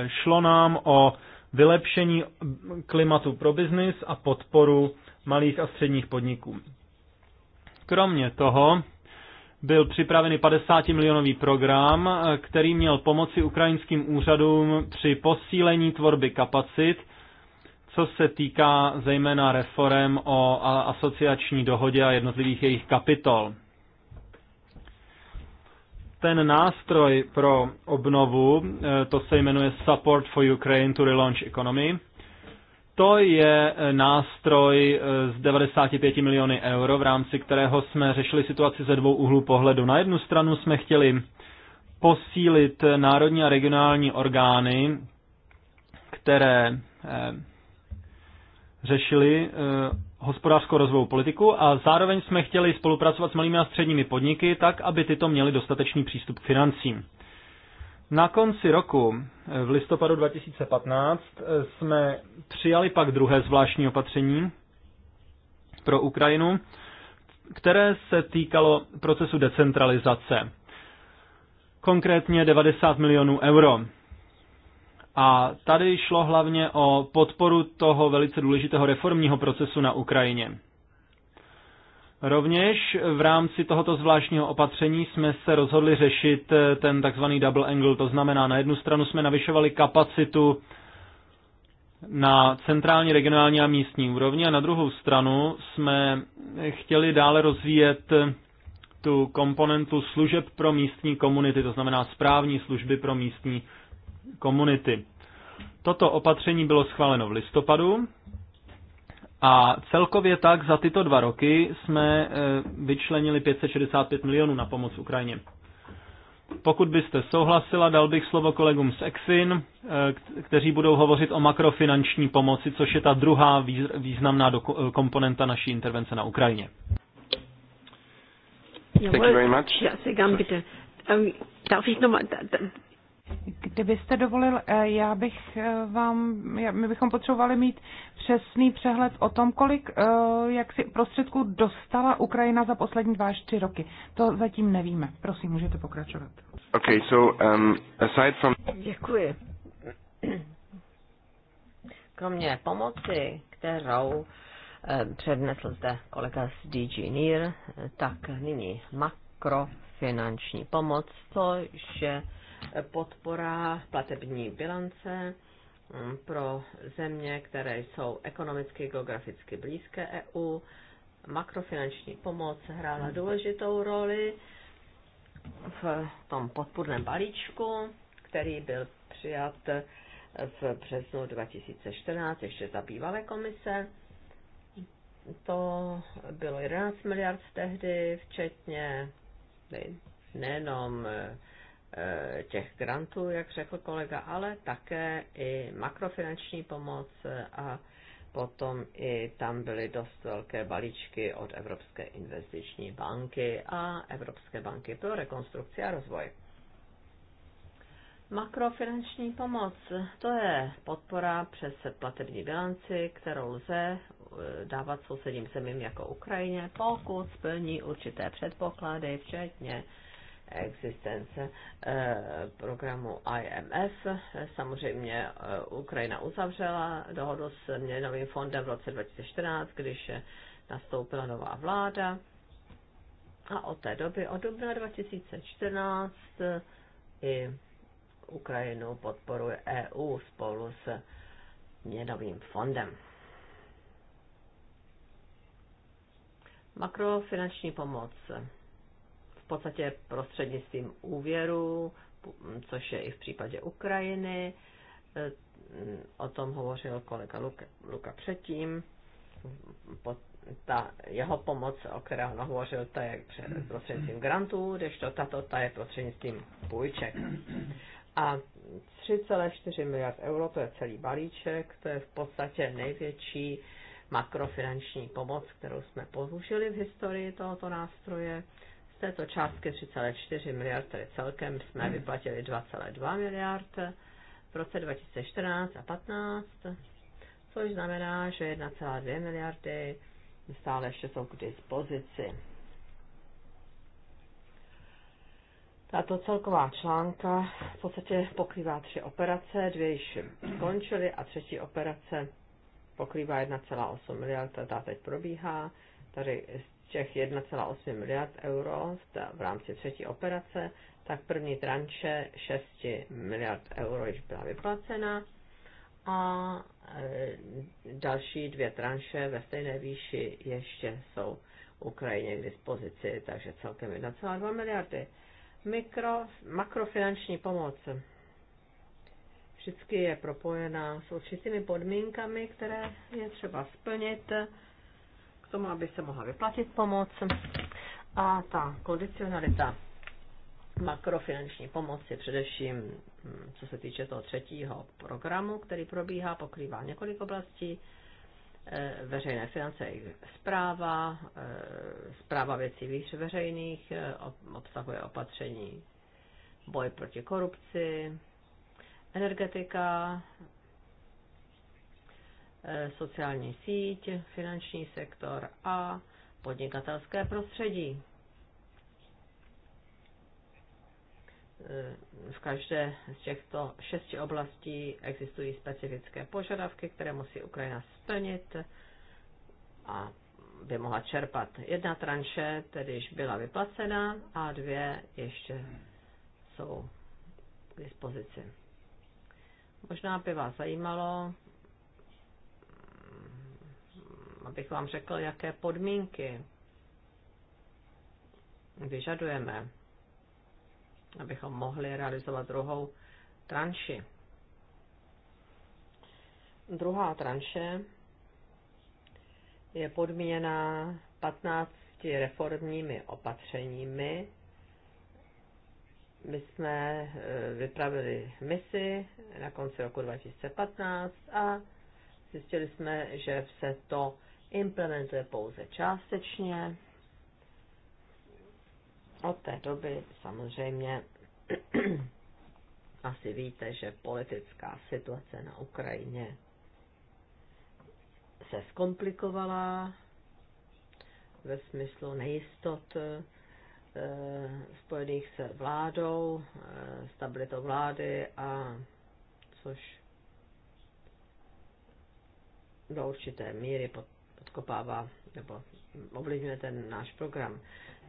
šlo nám o vylepšení klimatu pro biznis a podporu malých a středních podniků. Kromě toho byl připravený 50-milionový program, e, který měl pomoci ukrajinským úřadům při posílení tvorby kapacit, co se týká zejména reform o asociační dohodě a jednotlivých jejich kapitol ten nástroj pro obnovu, eh, to se jmenuje Support for Ukraine to Relaunch Economy, to je eh, nástroj eh, z 95 miliony euro, v rámci kterého jsme řešili situaci ze dvou úhlů pohledu. Na jednu stranu jsme chtěli posílit národní a regionální orgány, které řešili hospodářskou rozvojovou politiku a zároveň jsme chtěli spolupracovat s malými a středními podniky tak, aby tyto měly dostatečný přístup k financím. Na konci roku, v listopadu 2015, jsme přijali pak druhé zvláštní opatření pro Ukrajinu, které se týkalo procesu decentralizace, konkrétně 90 milionů euro. A tady šlo hlavně o podporu toho velice důležitého reformního procesu na Ukrajině. Rovněž v rámci tohoto zvláštního opatření jsme se rozhodli řešit ten takzvaný double angle, to znamená na jednu stranu jsme navyšovali kapacitu na centrální, regionální a místní úrovni a na druhou stranu jsme chtěli dále rozvíjet tu komponentu služeb pro místní komunity, to znamená správní služby pro místní komunity komunity. Toto opatření bylo schváleno v listopadu a celkově tak za tyto dva roky jsme eh, vyčlenili 565 milionů na pomoc Ukrajině. Pokud byste souhlasila, dal bych slovo kolegům z EXIN, eh, kteří budou hovořit o makrofinanční pomoci, což je ta druhá významná eh, komponenta naší intervence na Ukrajině. Thank you very much. sehr gern, bitte. Darf ich da, Kdybyste dovolil, eh, já bych eh, vám, my bychom potřebovali mít přesný přehled o tom, kolik eh, jak si prostředků dostala Ukrajina za poslední dva až tři roky. To zatím nevíme. Prosím, můžete pokračovat. Okay, so, um, aside from... Děkuji. Kromě pomoci, kterou přednesl zde kolega z DG NIR, tak nyní makrofinanční pomoc, což je podpora platební bilance mm, pro země, které jsou ekonomicky geograficky blízké EU. Makrofinanční pomoc hrála důležitou roli v tom podpůrném balíčku, který byl přijat v březnu 2014 ještě za bývalé komise. To bylo 11 miliard tehdy, včetně nejenom ne eh, E, těch grantů, jak řekl kolega, ale také i makrofinanční pomoc e, a potom i tam byly dost velké balíčky od Evropské investiční banky a Evropské banky pro rekonstrukci a rozvoj. Makrofinanční pomoc, to je podpora přes platební bilanci, kterou lze e, dávat sousedním zemím jako Ukrajině, pokud splní určité předpoklady, včetně existence eh, programu IMF. Samozřejmě eh, Ukrajina uzavřela dohodu s měnovým fondem v roce 2014, když nastoupila nová vláda. A od té doby, od dubna 2014, i Ukrajinu podporuje EU spolu s měnovým fondem. Makrofinanční pomoc podstatě prostřednictvím úvěru, což je i v případě Ukrajiny, o tom hovořil kolega Luka, Luka předtím, ta jeho pomoc, o které on hovořil, ta je prostřednictvím grantů, kdežto tato ta je prostřednictvím půjček. A 3,4 miliard euro, to je celý balíček, to je v podstatě největší makrofinanční pomoc, kterou jsme použili v historii tohoto nástroje této částky 3,4 miliard, tedy celkem jsme vyplatili 2,2 miliard v roce 2014 a 15, což znamená, že 1,2 miliardy stále ještě jsou k dispozici. Tato celková článka v podstatě pokrývá tři operace, dvě již skončily a třetí operace pokrývá 1,8 miliard, ta teď probíhá. Tady těch 1,8 miliard euro v rámci třetí operace, tak první tranše 6 miliard euro již byla vyplacena a e, další dvě tranše ve stejné výši ještě jsou Ukrajině k dispozici, takže celkem 1,2 miliardy. Mikro, makrofinanční pomoc vždycky je propojená s určitými podmínkami, které je třeba splnit tomu, aby se mohla vyplatit pomoc. A ta kondicionalita makrofinanční pomoc je především hm, co se týče toho třetího programu, který probíhá, pokrývá několik oblastí. E, veřejné finance, zpráva, e, zpráva věcí výš veřejných, e, obsahuje opatření boj proti korupci, energetika, Eh, sociální síť, finanční sektor a podnikatelské prostředí. Eh, v každé z těchto šesti oblastí existují specifické požadavky, které musí Ukrajina splnit a by mohla čerpat. Jedna tranše tedy již byla vyplacena a dvě ještě jsou k dispozici. Možná by vás zajímalo, abych vám řekl, jaké podmínky vyžadujeme, abychom mohli realizovat druhou tranši. Druhá tranše je podmíněna 15 reformními opatřeními. My jsme eh, vypravili misi na konci roku 2015 a zjistili jsme, že se to implementuje pouze částečně. Od té doby samozřejmě asi víte, že politická situace na Ukrajině se zkomplikovala ve smyslu nejistot e, spojených se vládou, e, stabilitou vlády a což do určité míry pod, podkopává nebo ovlivňuje ten náš program.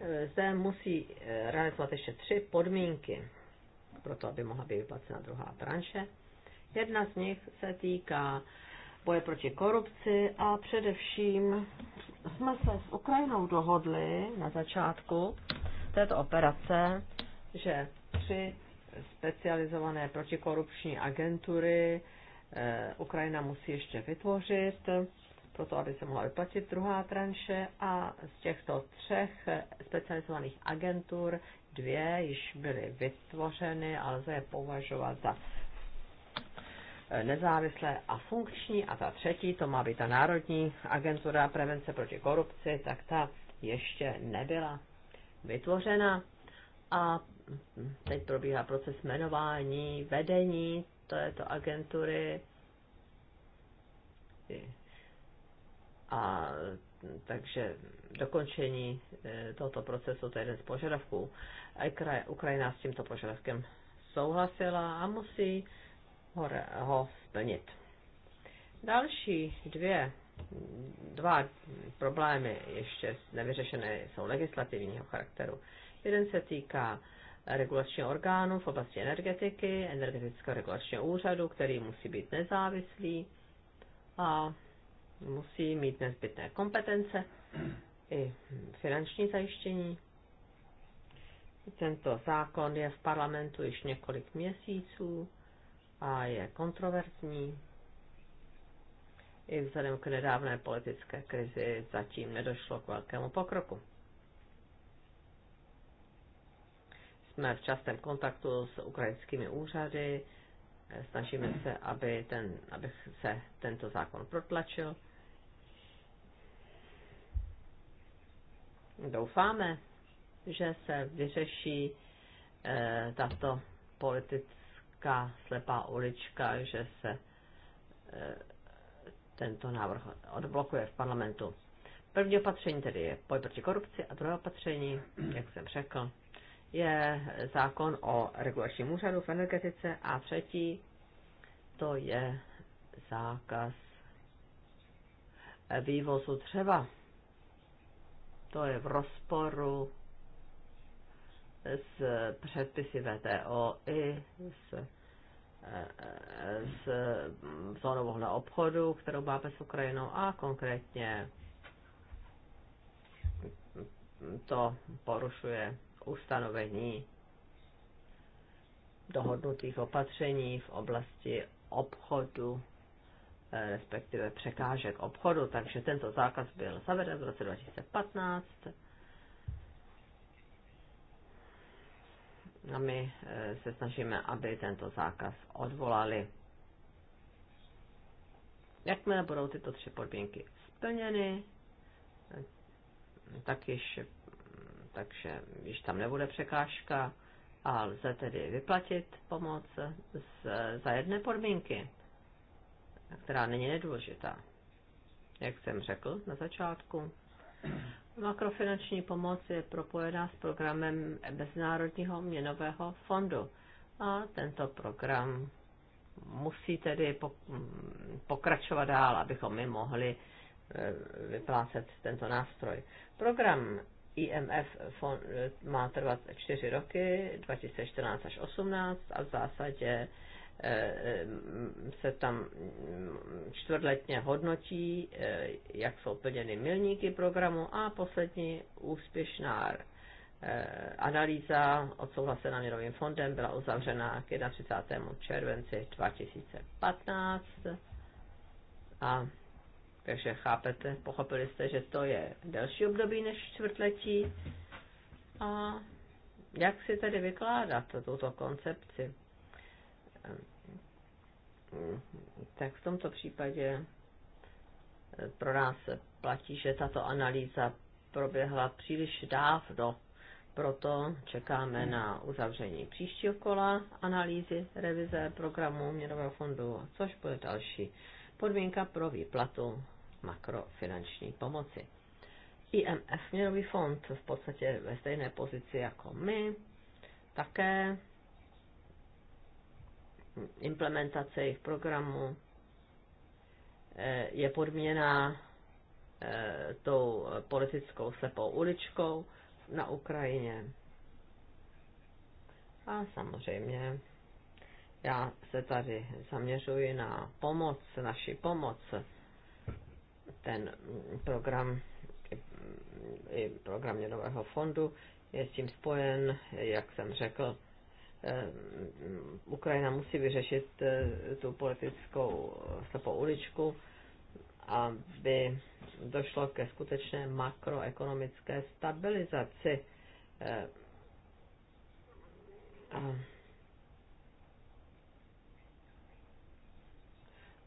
Eh, zde musí eh, realizovat ještě tři podmínky pro to, aby mohla být vyplacena druhá tranše. Jedna z nich se týká boje proti korupci a především jsme se s Ukrajinou dohodli na začátku této operace, že tři specializované protikorupční agentury eh, Ukrajina musí ještě vytvořit proto aby se mohla vyplatit druhá tranše a z těchto třech specializovaných agentur dvě již byly vytvořeny a lze je považovat za eh, nezávislé a funkční a ta třetí, to má být ta Národní agentura prevence proti korupci, tak ta ještě nebyla vytvořena a mm, teď probíhá proces jmenování, vedení této agentury. A takže dokončení e, tohoto procesu, to je jeden z požadavků. Ukrajina s tímto požadavkem souhlasila a musí ho, ho splnit. Další dvě, dva problémy ještě nevyřešené jsou legislativního charakteru. Jeden se týká regulačního orgánu v oblasti energetiky, energetického regulačního úřadu, který musí být nezávislý a musí mít nezbytné kompetence i finanční zajištění. Tento zákon je v parlamentu již několik měsíců a je kontroverzní. I vzhledem k nedávné politické krizi zatím nedošlo k velkému pokroku. Jsme v častém kontaktu s ukrajinskými úřady, snažíme se, aby, ten, aby se tento zákon protlačil doufáme, že se vyřeší e, tato politická slepá ulička, že se e, tento návrh odblokuje v parlamentu. První opatření tedy je boj proti korupci a druhé opatření, jak jsem řekl, je zákon o regulačním úřadu v energetice a třetí to je zákaz eh, vývozu dřeva to je v rozporu s předpisy VTO i s, eh, s eh, zónou volné obchodu, kterou máme s Ukrajinou a konkrétně to porušuje ustanovení dohodnutých opatření v oblasti obchodu Eh, respektive překážek obchodu, takže tento zákaz byl zaveden v roce 2015. A my eh, se snažíme, aby tento zákaz odvolali. Jakmile budou tyto tři podmínky splněny, eh, tak již, takže již tam nebude překážka a lze tedy vyplatit pomoc z, za jedné podmínky která není nedůležitá. Jak jsem řekl na začátku, makrofinanční pomoc je propojená s programem Mezinárodního měnového fondu a tento program musí tedy pokračovat dál, abychom my mohli e, vyplácet tento nástroj. Program IMF e, má trvat čtyři roky, 2014 až 2018 a v zásadě Eh, se tam čtvrtletně hodnotí, eh, jak jsou plněny milníky programu a poslední úspěšná eh, analýza odsouhlasená měnovým fondem byla uzavřena k 31. červenci 2015 a takže chápete, pochopili jste, že to je delší období než čtvrtletí a jak si tedy vykládat tuto koncepci tak v tomto případě eh, pro nás platí, že tato analýza proběhla příliš dávno, proto čekáme na uzavření příštího kola analýzy revize programu Měnového fondu, což bude další podmínka pro výplatu makrofinanční pomoci. IMF Měnový fond v podstatě ve stejné pozici jako my, také implementace jejich programů eh, je podměná eh, tou politickou slepou uličkou na Ukrajině. A samozřejmě já se tady zaměřuji na pomoc, naši pomoc. Ten program, program měnového fondu je s tím spojen, jak jsem řekl, Eh, Ukrajina musí vyřešit eh, tu politickou eh, slepou uličku, aby došlo ke skutečné makroekonomické stabilizaci.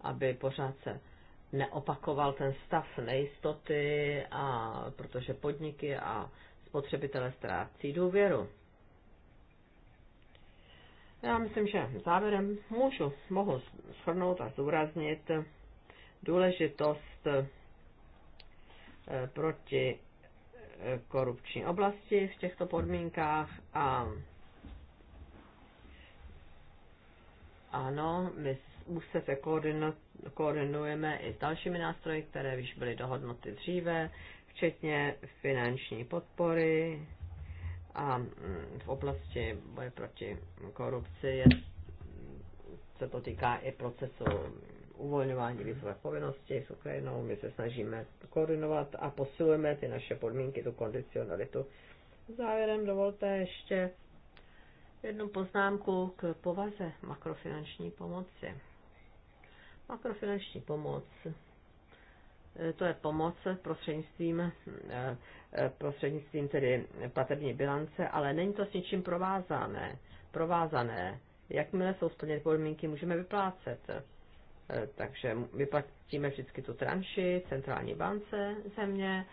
aby pořád se neopakoval ten stav nejistoty, a protože podniky a spotřebitelé ztrácí důvěru. Já myslím, že závěrem můžu, mohu shrnout a zúraznit důležitost eh, proti eh, korupční oblasti v těchto podmínkách a ano, my už se koordinujeme i s dalšími nástroji, které již byly dohodnuty dříve, včetně finanční podpory, a mm, v oblasti boje proti korupci je, se to týká i procesu uvolňování vízové povinnosti s Ukrajinou. My se snažíme koordinovat a posilujeme ty naše podmínky, tu kondicionalitu. Závěrem dovolte ještě jednu poznámku k povaze makrofinanční pomoci. Makrofinanční pomoc to je pomoc prostřednictvím eh, prostřednictvím tedy platební bilance, ale není to s ničím provázané. provázané. Jakmile jsou splněny podmínky, můžeme vyplácet. E, takže vyplatíme vždycky tu tranši centrální bance země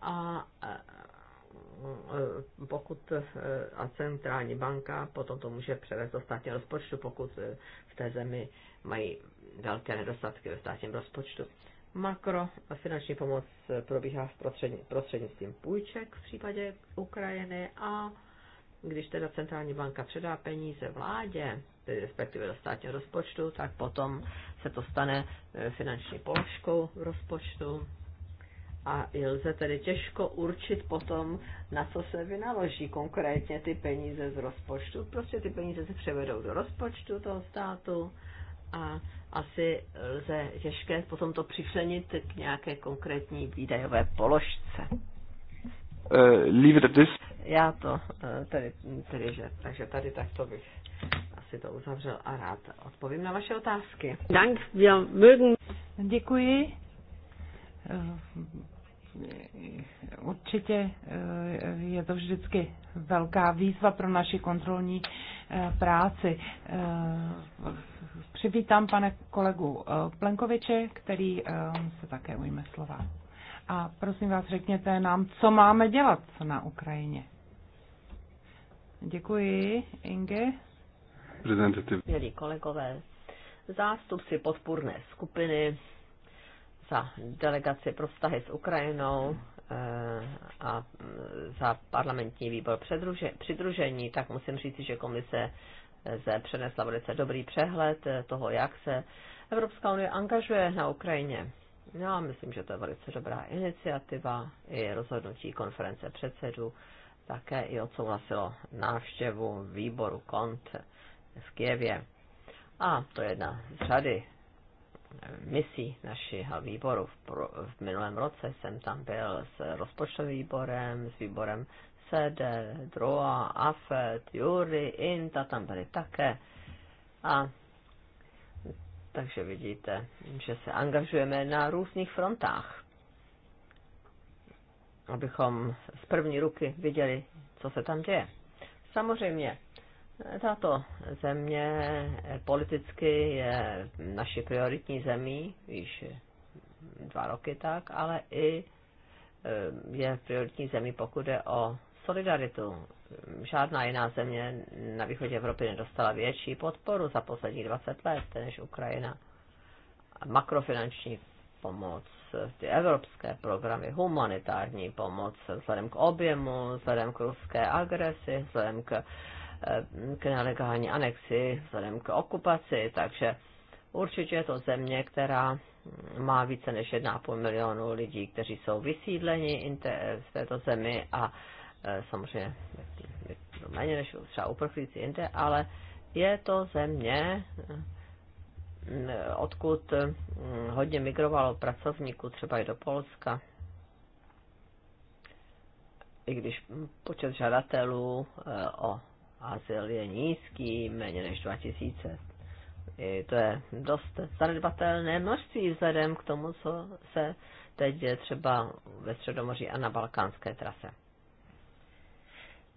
a e, e, pokud a centrální banka potom to může převést do státního rozpočtu, pokud v té zemi mají velké nedostatky ve státním rozpočtu makrofinanční pomoc probíhá v prostřední, prostřednictvím půjček v případě Ukrajiny a když teda centrální banka předá peníze vládě, tedy respektive do státního rozpočtu, tak potom se to stane e, finanční položkou v rozpočtu a lze tedy těžko určit potom, na co se vynaloží konkrétně ty peníze z rozpočtu. Prostě ty peníze se převedou do rozpočtu toho státu a asi lze těžké potom to přičlenit k nějaké konkrétní výdajové položce. Uh, leave it at this. Já to, eh, tedy, tedy že, takže tady takto bych asi to uzavřel a rád odpovím na vaše otázky. Dank, wir mögen. Děkuji. Eh, určitě eh, je to vždycky velká výzva pro naši kontrolní eh, práci. Eh, přivítám pane kolegu Plenkoviče, který se také ujme slova. A prosím vás, řekněte nám, co máme dělat na Ukrajině. Děkuji, Inge. Prezentativ. Měli kolegové, zástupci podpůrné skupiny za delegaci pro vztahy s Ukrajinou eh, a mm, za parlamentní výbor přidružení, tak musím říct, že komise se eh, přenesla velice dobrý přehled eh, toho, jak se Evropská unie angažuje na Ukrajině. Já no myslím, že to je velice dobrá iniciativa. I rozhodnutí konference předsedů také i odsouhlasilo návštěvu výboru KONT v Kijevě. A to je jedna z řady misí našeho výboru. V, pro, v minulém roce jsem tam byl s rozpočtovým výborem, s výborem SED, DROA, AFET, JURY, INTA tam byly také. A takže vidíte, že se angažujeme na různých frontách, abychom z první ruky viděli, co se tam děje. Samozřejmě tato země politicky je naši prioritní zemí, již dva roky tak, ale i eh, je prioritní zemí, pokud je o solidaritu. Žádná jiná země na východě Evropy nedostala větší podporu za poslední 20 let než Ukrajina. Makrofinanční pomoc, ty evropské programy, humanitární pomoc, vzhledem k objemu, vzhledem k ruské agresi, vzhledem k k nelegální anexi, vzhledem k okupaci, takže určitě je to země, která má více než 1,5 milionu lidí, kteří jsou vysídleni v této zemi a e, samozřejmě je to méně než třeba uprchlíci jinde, ale je to země, e, odkud e, hodně migrovalo pracovníků třeba i do Polska. I když počet žadatelů o azyl je nízký, méně než 2000. I to je dost zanedbatelné množství vzhledem k tomu, co se teď je třeba ve Středomoří a na balkánské trase.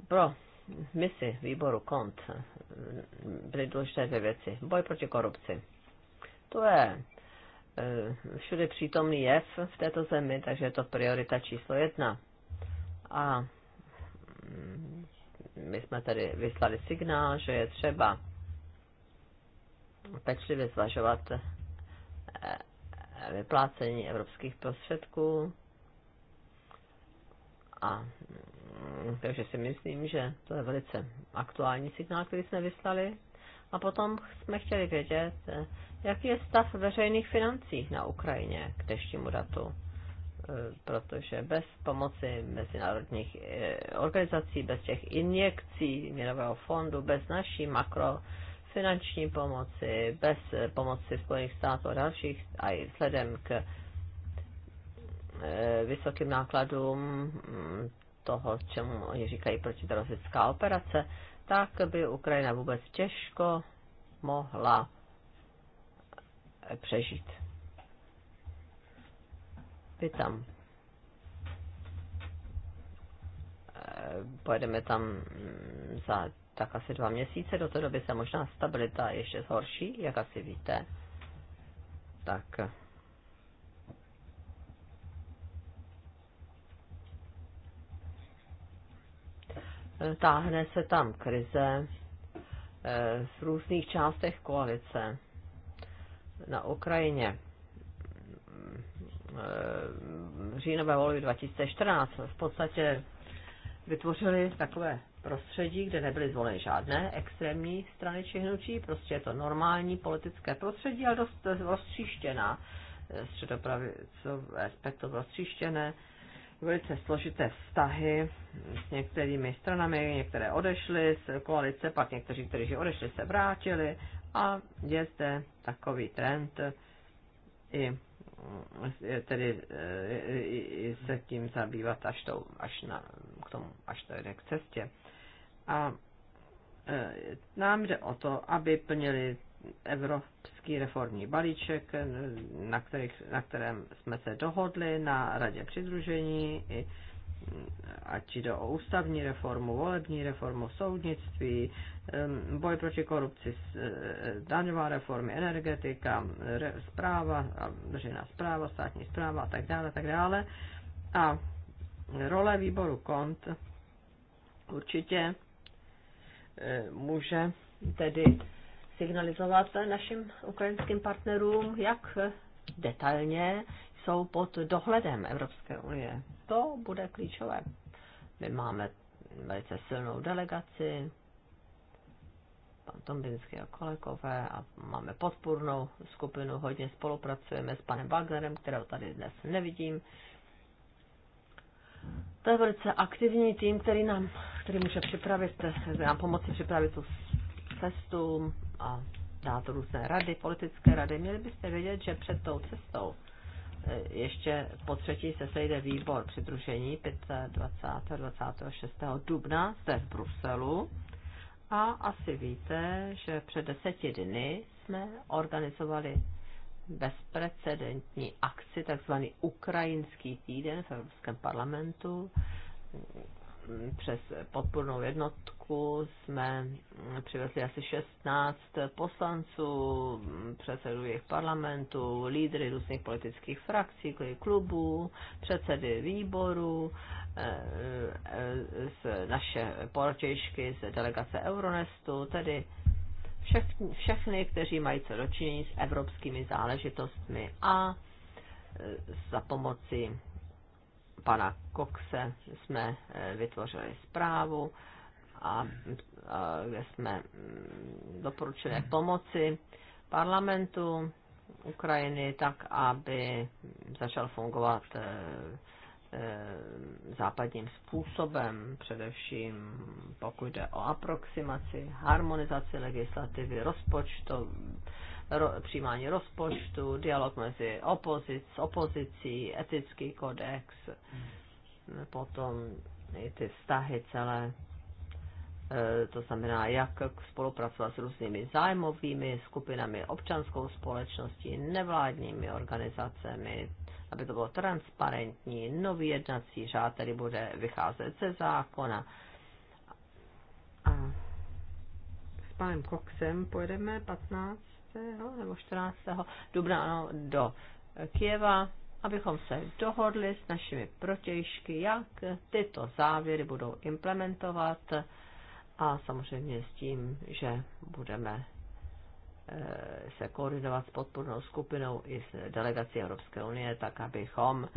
Pro misi výboru KONT byly důležité dvě věci. Boj proti korupci. To je e, všude přítomný jev v této zemi, takže je to priorita číslo jedna. A mm, my jsme tady vyslali signál, že je třeba pečlivě zvažovat eh, eh, vyplácení evropských prostředků. A mm, takže si myslím, že to je velice aktuální signál, který jsme vyslali. A potom jsme chtěli vědět, eh, jaký je stav veřejných financí na Ukrajině k dnešnímu datu. Eh, protože bez pomoci mezinárodních eh, organizací, bez těch injekcí měnového fondu, bez naší makrofinanční pomoci, bez eh, pomoci Spojených států a dalších, a i vzhledem k vysokým nákladům mm, toho, čemu oni říkají protiteroristická operace, tak by Ukrajina vůbec těžko mohla přežít by tam eh, pojedeme tam mm, za tak asi dva měsíce, do té doby se možná stabilita ještě zhorší, jak asi víte. Tak eh, táhne se tam krize eh, v různých částech koalice na Ukrajině. Eh, říjnové volby 2014 v podstatě vytvořili takové prostředí, kde nebyly zvoleny žádné extrémní strany či hnutí, prostě je to normální politické prostředí, ale dost eh, středopravy, co spektrum rozstříštěné, velice složité vztahy s některými stranami, některé odešly z koalice, pak někteří, kteří odešli, se vrátili a je zde takový trend i tedy eh, se tím zabývat až, to, až na, k tomu, až to jde k cestě. A eh, nám jde o to, aby plnili evropský reformní balíček, na, kterých, na kterém jsme se dohodli na radě přidružení, i, ať jde o ústavní reformu, volební reformu, soudnictví, boj proti korupci, e, daňová reformy, energetika, zpráva, držená zpráva, státní zpráva a tak dále, tak dále. A role výboru kont určitě e, může tedy signalizovat našim ukrajinským partnerům, jak detailně jsou pod dohledem Evropské unie. To bude klíčové. My máme velice silnou delegaci, pan Tombinský a kolegové a máme podpůrnou skupinu, hodně spolupracujeme s panem Wagnerem, kterého tady dnes nevidím. To je velice aktivní tým, který nám, který může připravit, který nám pomoci připravit tu cestu a dát různé rady, politické rady. Měli byste vědět, že před tou cestou e, ještě po třetí se sejde výbor přidružení 25. 26. dubna zde v Bruselu a asi víte, že před deseti dny jsme organizovali bezprecedentní akci, takzvaný Ukrajinský týden v Evropském parlamentu. Přes podpornou jednotku jsme přivezli asi 16 poslanců, předsedů jejich parlamentu, lídry různých politických frakcí, klubů, předsedy výborů, z naše porotějšky z delegace Euronestu, tedy všechny, všechny, kteří mají co dočinění s evropskými záležitostmi a e, za pomoci pana Coxe jsme e, vytvořili zprávu, a, a kde jsme mm, doporučili pomoci parlamentu Ukrajiny tak, aby začal fungovat e, Eh, západním způsobem, především pokud jde o aproximaci, harmonizaci legislativy, rozpočtu, ro, přijímání rozpočtu, dialog mezi opozic, opozicí, etický kodex, potom i ty vztahy celé, eh, to znamená, jak spolupracovat s různými zájmovými skupinami, občanskou společností, nevládními organizacemi, aby to bylo transparentní. Nový jednací řád tedy bude vycházet ze zákona. A s panem Koksem pojedeme 15. nebo 14. dubna ano, do Kieva, abychom se dohodli s našimi protějšky, jak tyto závěry budou implementovat a samozřejmě s tím, že budeme Eh, se koordinovat s podpornou skupinou i s delegací Evropské unie, tak abychom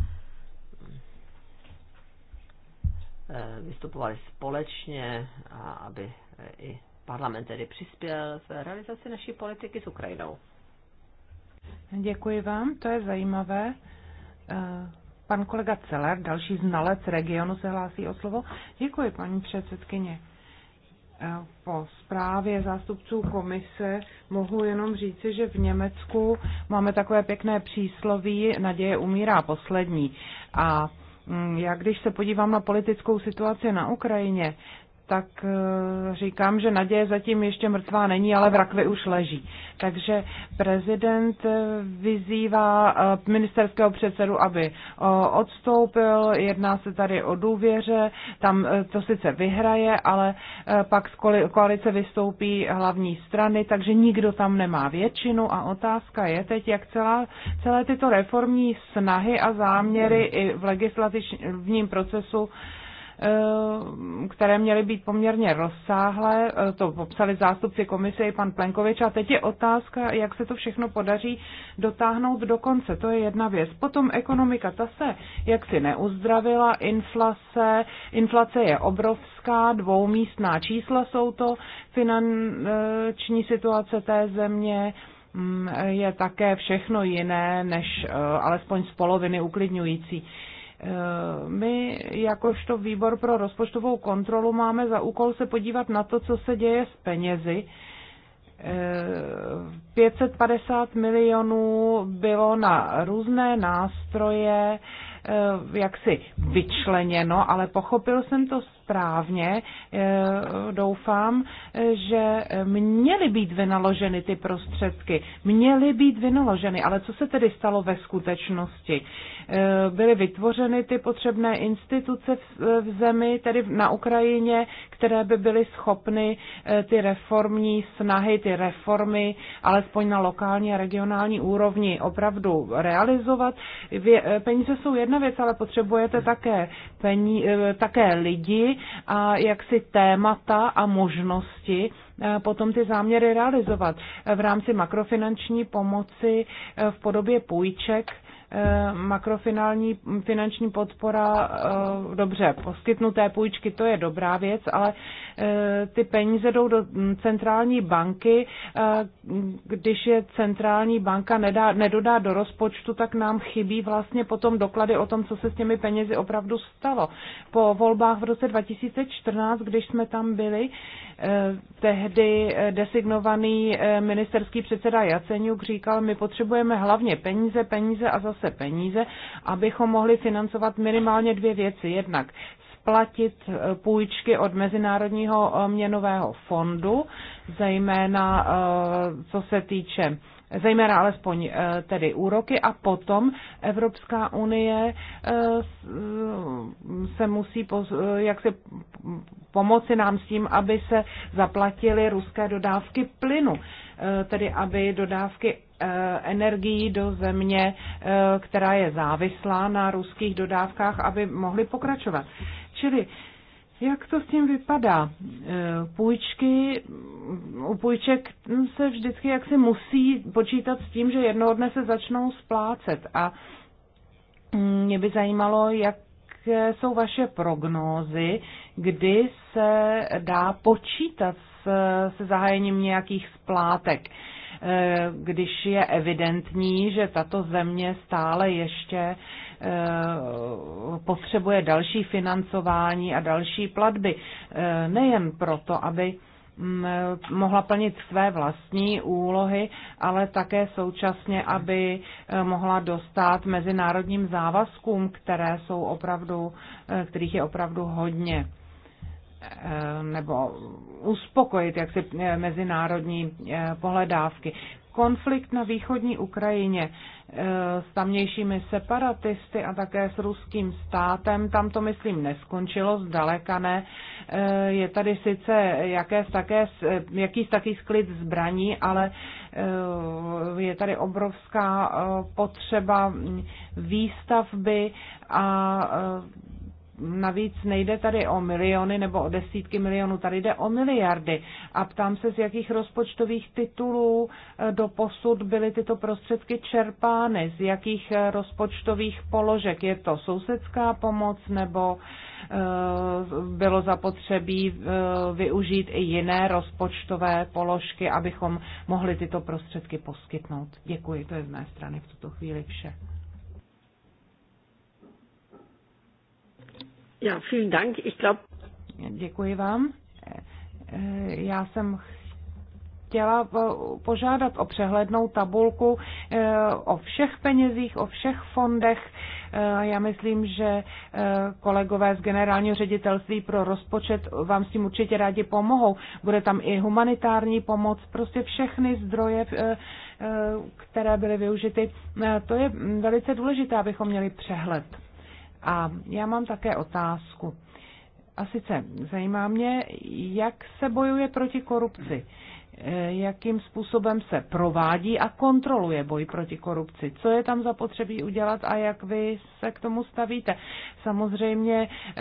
eh, vystupovali společně a aby eh, i parlament tedy přispěl v realizaci naší politiky s Ukrajinou. Děkuji vám, to je zajímavé. Pan kolega Celer, další znalec regionu, se hlásí o slovo. Děkuji, paní předsedkyně. Eh, po zprávě zástupců komise mohu jenom říci, že v Německu máme takové pěkné přísloví naděje umírá poslední. A mm, já když se podívám na politickou situaci na Ukrajině, tak eh, říkám, že naděje zatím ještě mrtvá není, ale v rakvi už leží. Takže prezident eh, vyzývá eh, ministerského předsedu, aby odstoupil, jedná se tady o důvěře, tam to sice vyhraje, ale pak z koalice vystoupí hlavní strany, takže nikdo tam nemá většinu a otázka je teď, jak celá, celé tyto reformní snahy a záměry i v legislativním procesu Eh, které měly být poměrně rozsáhlé. Eh, to popsali zástupci komise i pan Plenkovič. A teď je otázka, jak se to všechno podaří dotáhnout do konce. To je jedna věc. Potom ekonomika, ta se jaksi neuzdravila, inflace, inflace je obrovská, dvoumístná čísla jsou to, finanční situace té země, mm, je také všechno jiné než eh, alespoň z poloviny uklidňující. Eh, my jakožto výbor pro rozpočtovou kontrolu máme za úkol se podívat na to, co se děje s penězi. 550 eh, milionů bylo na různé nástroje, eh, jaksi vyčleněno, ale pochopil jsem to správně, eh, doufám, že měly být vynaloženy ty prostředky. Měly být vynaloženy, ale co se tedy stalo ve skutečnosti? Eh, byly vytvořeny ty potřebné instituce v zemi, tedy na Ukrajině, které by byly schopny eh, ty reformní snahy, ty reformy, alespoň na lokální a regionální úrovni opravdu realizovat. Peníze jsou jedna věc, ale potřebujete také, pení, také lidi, a jak si témata a možnosti e, potom ty záměry realizovat e, v rámci makrofinanční pomoci e, v podobě půjček Eh, makrofinální finanční podpora, eh, dobře, poskytnuté půjčky, to je dobrá věc, ale eh, ty peníze jdou do centrální banky, když je centrální banka nedá, nedodá do rozpočtu, tak nám chybí vlastně potom doklady o tom, co se s těmi penězi opravdu stalo. Po volbách v roce 2014, když jsme tam byli, tehdy designovaný ministerský předseda Jaceňuk říkal, my potřebujeme hlavně peníze, peníze a zase zase peníze, abychom mohli financovat minimálně dvě věci. Jednak splatit eh, půjčky od Mezinárodního eh, měnového fondu, zejména eh, co se týče zejména alespoň tedy úroky a potom Evropská unie se musí jak se pomoci nám s tím, aby se zaplatily ruské dodávky plynu, tedy aby dodávky Eh, energií do země, eh, která je závislá na ruských dodávkách, aby mohli pokračovat. Čili jak to s tím vypadá? Eh, půjčky, u půjček se vždycky jaksi musí počítat s tím, že jednoho dne se začnou splácet. A mm, mě by zajímalo, jak jsou vaše prognózy, kdy se dá počítat s, se zahájením nějakých splátek. Eh, když je evidentní, že tato země stále ještě eh, potřebuje další financování a další platby. Eh, nejen proto, aby mm, mohla plnit své vlastní úlohy, ale také současně, aby mohla dostat mezinárodním závazkům, které jsou opravdu, kterých je opravdu hodně. Eh, nebo uspokojit jaksi eh, mezinárodní eh, pohledávky. Konflikt na východní Ukrajině s tamnějšími separatisty a také s ruským státem, tam to myslím neskončilo, zdaleka ne. Je tady sice jakés také, jakýs taký sklid zbraní, ale je tady obrovská potřeba výstavby a Navíc nejde tady o miliony nebo o desítky milionů, tady jde o miliardy. A ptám se, z jakých rozpočtových titulů eh, do posud byly tyto prostředky čerpány, z jakých eh, rozpočtových položek. Je to sousedská pomoc nebo eh, bylo zapotřebí využít i jiné rozpočtové položky, abychom mohli tyto prostředky poskytnout. Děkuji, to je z mé strany v tuto chvíli vše. Ja, vielen Dank. Ich glaub... Děkuji vám. Já jsem chtěla požádat o přehlednou tabulku eh, o všech penězích, o všech fondech. Eh, já myslím, že eh, kolegové z Generálního ředitelství pro rozpočet vám s tím určitě rádi pomohou. Bude tam i humanitární pomoc, prostě všechny zdroje, které byly využity. To je mm, velice důležité, abychom měli přehled. A já mám také otázku. A sice zajímá mě, jak se bojuje proti korupci, e, jakým způsobem se provádí a kontroluje boj proti korupci, co je tam zapotřebí udělat a jak vy se k tomu stavíte. Samozřejmě e,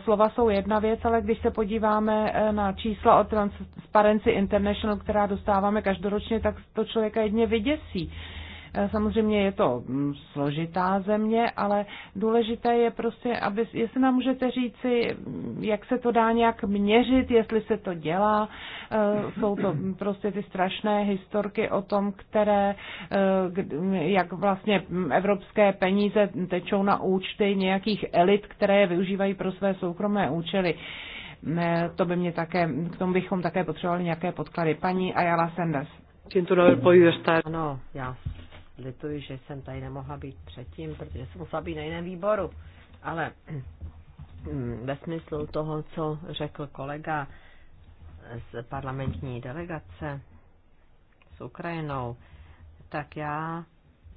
slova jsou jedna věc, ale když se podíváme e, na čísla o Transparency International, která dostáváme každoročně, tak to člověka jedně vyděsí Samozřejmě je to mm, složitá země, ale důležité je prostě, aby, jestli nám můžete říci, jak se to dá nějak měřit, jestli se to dělá. Eh, jsou to prostě ty strašné historky o tom, které, eh, jak vlastně evropské peníze tečou na účty nějakých elit, které je využívají pro své soukromé účely to by mě také, k tomu bychom také potřebovali nějaké podklady. Paní Ayala Sanders. Siento no haber podido Ano, já lituji, že jsem tady nemohla být předtím, protože jsem musela být na jiném výboru. Ale ve smyslu toho, co řekl kolega z parlamentní delegace s Ukrajinou, tak já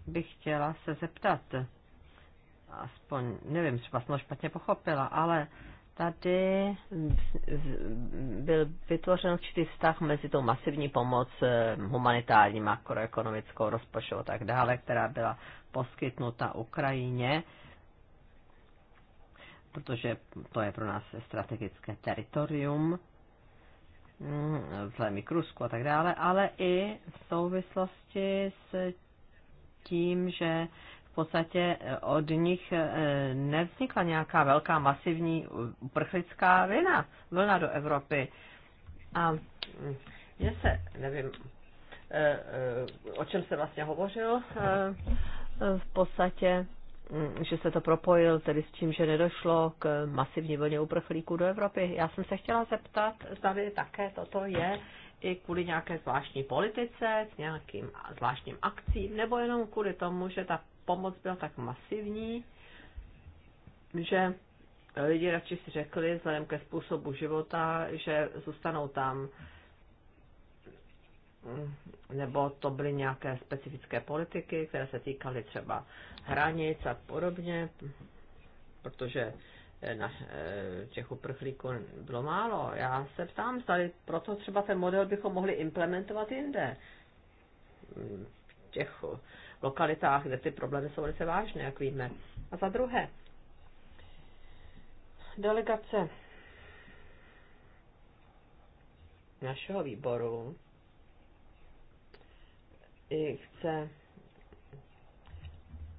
bych chtěla se zeptat, aspoň, nevím, třeba jsem to špatně pochopila, ale tady byl vytvořen určitý vztah mezi tou masivní pomoc eh, humanitární, makroekonomickou, rozpočtovou a tak dále, která byla poskytnuta Ukrajině, protože to je pro nás strategické teritorium, mm, v Krusku a tak dále, ale i v souvislosti s tím, že v podstatě eh, od nich eh, nevznikla nějaká velká masivní uprchlická vina, vlna do Evropy. A mě hm, se, nevím, eh, o čem se vlastně hovořil, v podstatě, hm, že se to propojil tedy s tím, že nedošlo k masivní vlně uprchlíků do Evropy. Já jsem se chtěla zeptat, zda také toto je i kvůli nějaké zvláštní politice, s nějakým zvláštním akcím, nebo jenom kvůli tomu, že ta pomoc byla tak masivní, že lidi radši si řekli, vzhledem ke způsobu života, že zůstanou tam. Nebo to byly nějaké specifické politiky, které se týkaly třeba hranic a podobně, protože na, eh, těch uprchlíků bylo málo. Já se ptám, zdali proto třeba ten model bychom mohli implementovat jinde. Těch lokalitách, kde ty problémy jsou velice vážné, jak víme. A za druhé, delegace našeho výboru i chce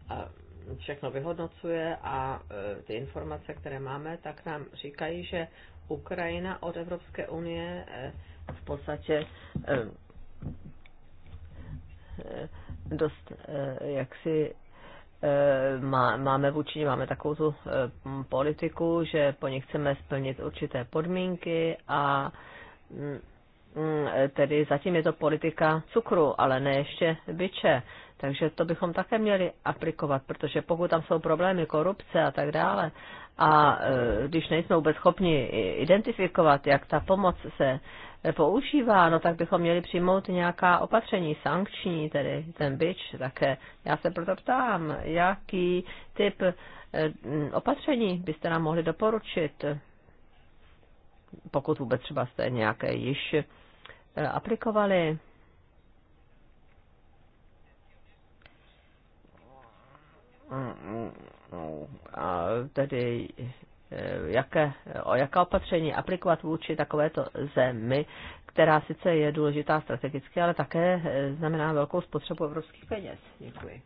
a všechno vyhodnocuje a e, ty informace, které máme, tak nám říkají, že Ukrajina od Evropské unie e, v podstatě e, Eh, dost eh, jaksi eh, má, máme vůči máme takovou tu politiku, že po nich chceme splnit určité podmínky a mm, Mm, tedy zatím je to politika cukru, ale ne ještě byče. Takže to bychom také měli aplikovat, protože pokud tam jsou problémy korupce a tak dále, a e, když nejsme vůbec schopni identifikovat, jak ta pomoc se e, používá, no tak bychom měli přijmout nějaká opatření sankční, tedy ten byč také. Já se proto ptám, jaký typ e, opatření byste nám mohli doporučit, pokud vůbec třeba jste nějaké již Eh, aplikovali. A tedy eh, jaké, o jaká opatření aplikovat vůči takovéto zemi, která sice je důležitá strategicky, ale také eh, znamená velkou spotřebu evropských peněz. Děkuji.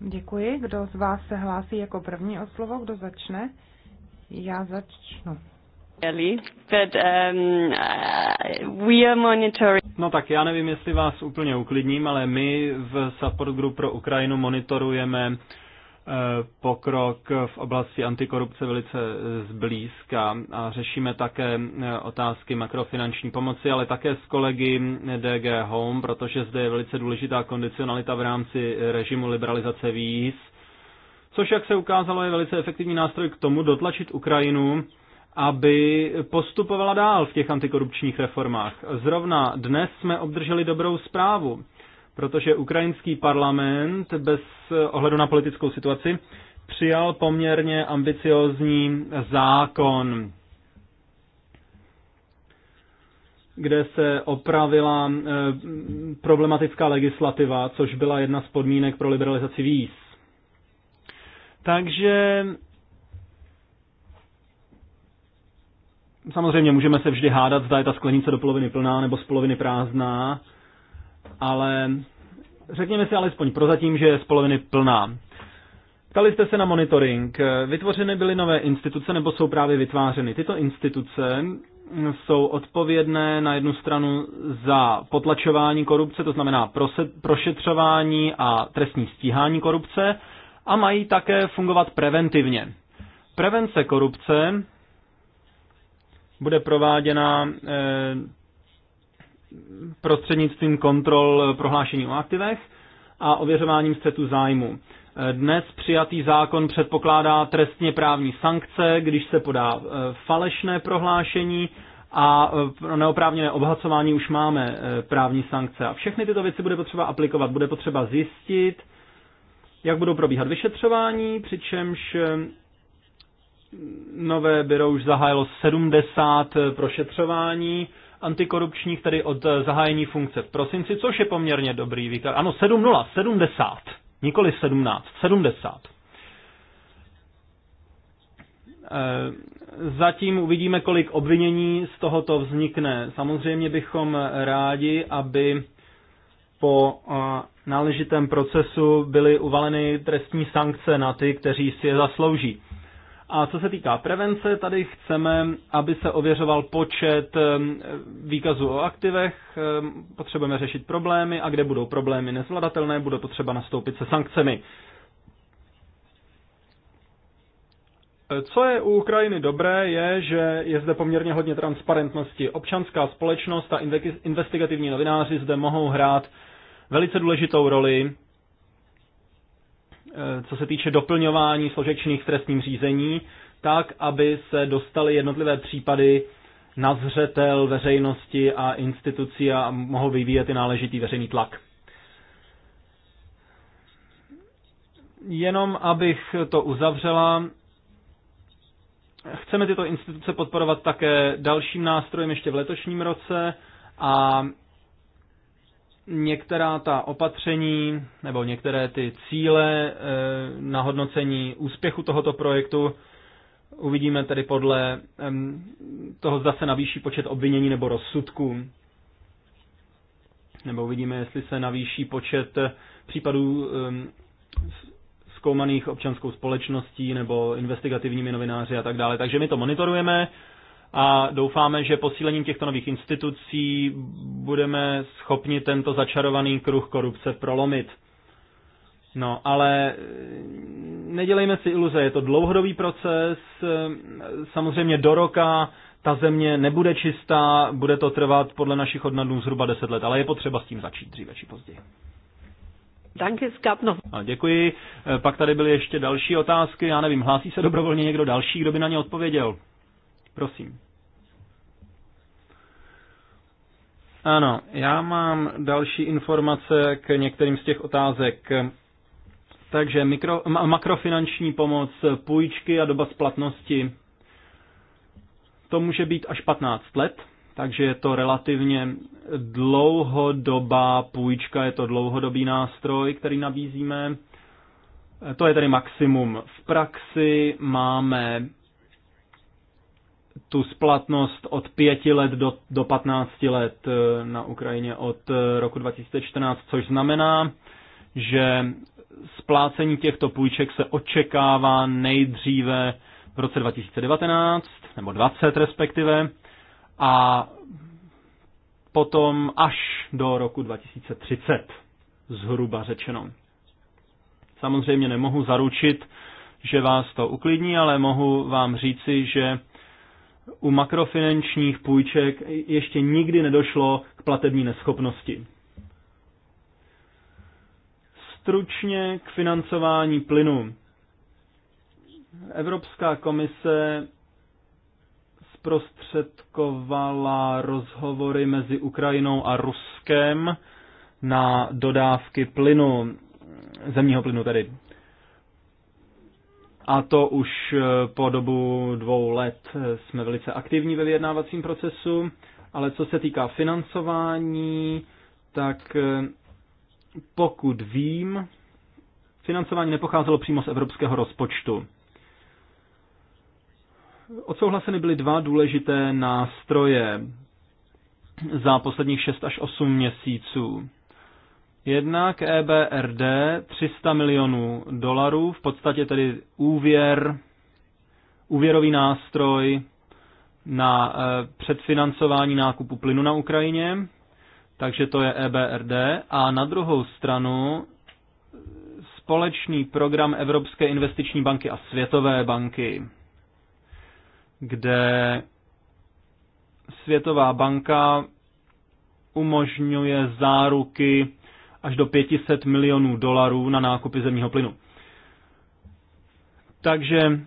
Děkuji. Kdo z vás se hlásí jako první o slovo? Kdo začne? Já začnu. Um, uh, no tak já nevím, jestli vás úplně uklidním, ale my v Support Group pro Ukrajinu monitorujeme eh, pokrok v oblasti antikorupce velice eh, zblízka a řešíme také eh, otázky makrofinanční pomoci, ale také s kolegy DG Home, protože zde je velice důležitá kondicionalita v rámci režimu liberalizace víz, což, jak se ukázalo, je velice efektivní nástroj k tomu dotlačit Ukrajinu aby postupovala dál v těch antikorupčních reformách. Zrovna dnes jsme obdrželi dobrou zprávu, protože ukrajinský parlament bez ohledu na politickou situaci přijal poměrně ambiciozní zákon, kde se opravila eh, problematická legislativa, což byla jedna z podmínek pro liberalizaci víz. Takže samozřejmě můžeme se vždy hádat, zda je ta sklenice do poloviny plná nebo z poloviny prázdná, ale řekněme si alespoň prozatím, že je z poloviny plná. Ptali jste se na monitoring. Vytvořeny byly nové instituce nebo jsou právě vytvářeny? Tyto instituce jsou odpovědné na jednu stranu za potlačování korupce, to znamená prošetřování a trestní stíhání korupce, a mají také fungovat preventivně. Prevence korupce bude prováděna eh, prostřednictvím kontrol prohlášení o aktivech a ověřováním střetu zájmu. Eh, dnes přijatý zákon předpokládá trestně právní sankce, když se podá eh, falešné prohlášení a pro neoprávněné obhacování už máme právní sankce. A všechny tyto věci bude potřeba aplikovat, bude potřeba zjistit, jak budou probíhat vyšetřování, přičemž nové byro už zahájilo 70 eh, prošetřování antikorupčních, tedy od eh, zahájení funkce v prosinci, což je poměrně dobrý výklad. Ano, 7-0, 70, nikoli 17, 70. Eh, zatím uvidíme, kolik obvinění z tohoto vznikne. Samozřejmě bychom rádi, aby po náležitém procesu byly uvaleny trestní sankce na ty, kteří si je zaslouží. A co se týká prevence, tady chceme, aby se ověřoval počet výkazů o aktivech, potřebujeme řešit problémy a kde budou problémy nezvladatelné, bude potřeba nastoupit se sankcemi. E, co je u Ukrajiny dobré, je, že je zde poměrně hodně transparentnosti. Občanská společnost a investigativní novináři zde mohou hrát velice důležitou roli Eh, co se týče doplňování složek činných v trestním řízení, tak, aby se dostaly jednotlivé případy na zřetel veřejnosti a institucí a mohl vyvíjet i náležitý veřejný tlak. Jenom abych to uzavřela, chceme tyto instituce podporovat také dalším nástrojem ještě v letošním roce a některá ta opatření nebo některé ty cíle eh, na hodnocení úspěchu tohoto projektu. Uvidíme tedy podle toho, zda se navýší počet obvinění nebo rozsudků. Nebo uvidíme, jestli se navýší počet eh, případů zkoumaných občanskou společností nebo investigativními novináři a tak dále. Takže my to monitorujeme a doufáme, že posílením těchto nových institucí budeme schopni tento začarovaný kruh korupce prolomit. No, ale eh, nedělejme si iluze, je to dlouhodobý proces, eh, samozřejmě do roka ta země nebude čistá, bude to trvat podle našich odnadů zhruba 10 let, ale je potřeba s tím začít dříve či později. Danke, A děkuji. Eh, pak tady byly ještě další otázky, já nevím, hlásí se dobrovolně někdo další, kdo by na ně odpověděl? Prosím. Ano, já mám další informace k některým z těch otázek. Takže mikro, ma, makrofinanční pomoc, půjčky a doba splatnosti. To může být až 15 let, takže je to relativně dlouhodobá půjčka, je to dlouhodobý nástroj, který nabízíme. To je tedy maximum. V praxi máme tu splatnost od 5 let do, do 15 let eh, na Ukrajině od eh, roku 2014, což znamená, že splácení těchto půjček se očekává nejdříve v roce 2019, nebo 20 respektive, a potom až do roku 2030, zhruba řečeno. Samozřejmě nemohu zaručit, že vás to uklidní, ale mohu vám říci, že u makrofinančních půjček ještě nikdy nedošlo k platební neschopnosti. Stručně k financování plynu. Evropská komise zprostředkovala rozhovory mezi Ukrajinou a Ruskem na dodávky plynu, zemního plynu tedy a to už eh, po dobu dvou let eh, jsme velice aktivní ve vyjednávacím procesu, ale co se týká financování, tak eh, pokud vím, financování nepocházelo přímo z evropského rozpočtu. Odsouhlaseny byly dva důležité nástroje za posledních 6 až 8 měsíců. Jednak EBRD 300 milionů dolarů, v podstatě tedy úvěr, úvěrový nástroj na e, předfinancování nákupu plynu na Ukrajině, takže to je EBRD. A na druhou stranu společný program Evropské investiční banky a Světové banky, kde Světová banka umožňuje záruky až do 500 milionů dolarů na nákupy zemního plynu. Takže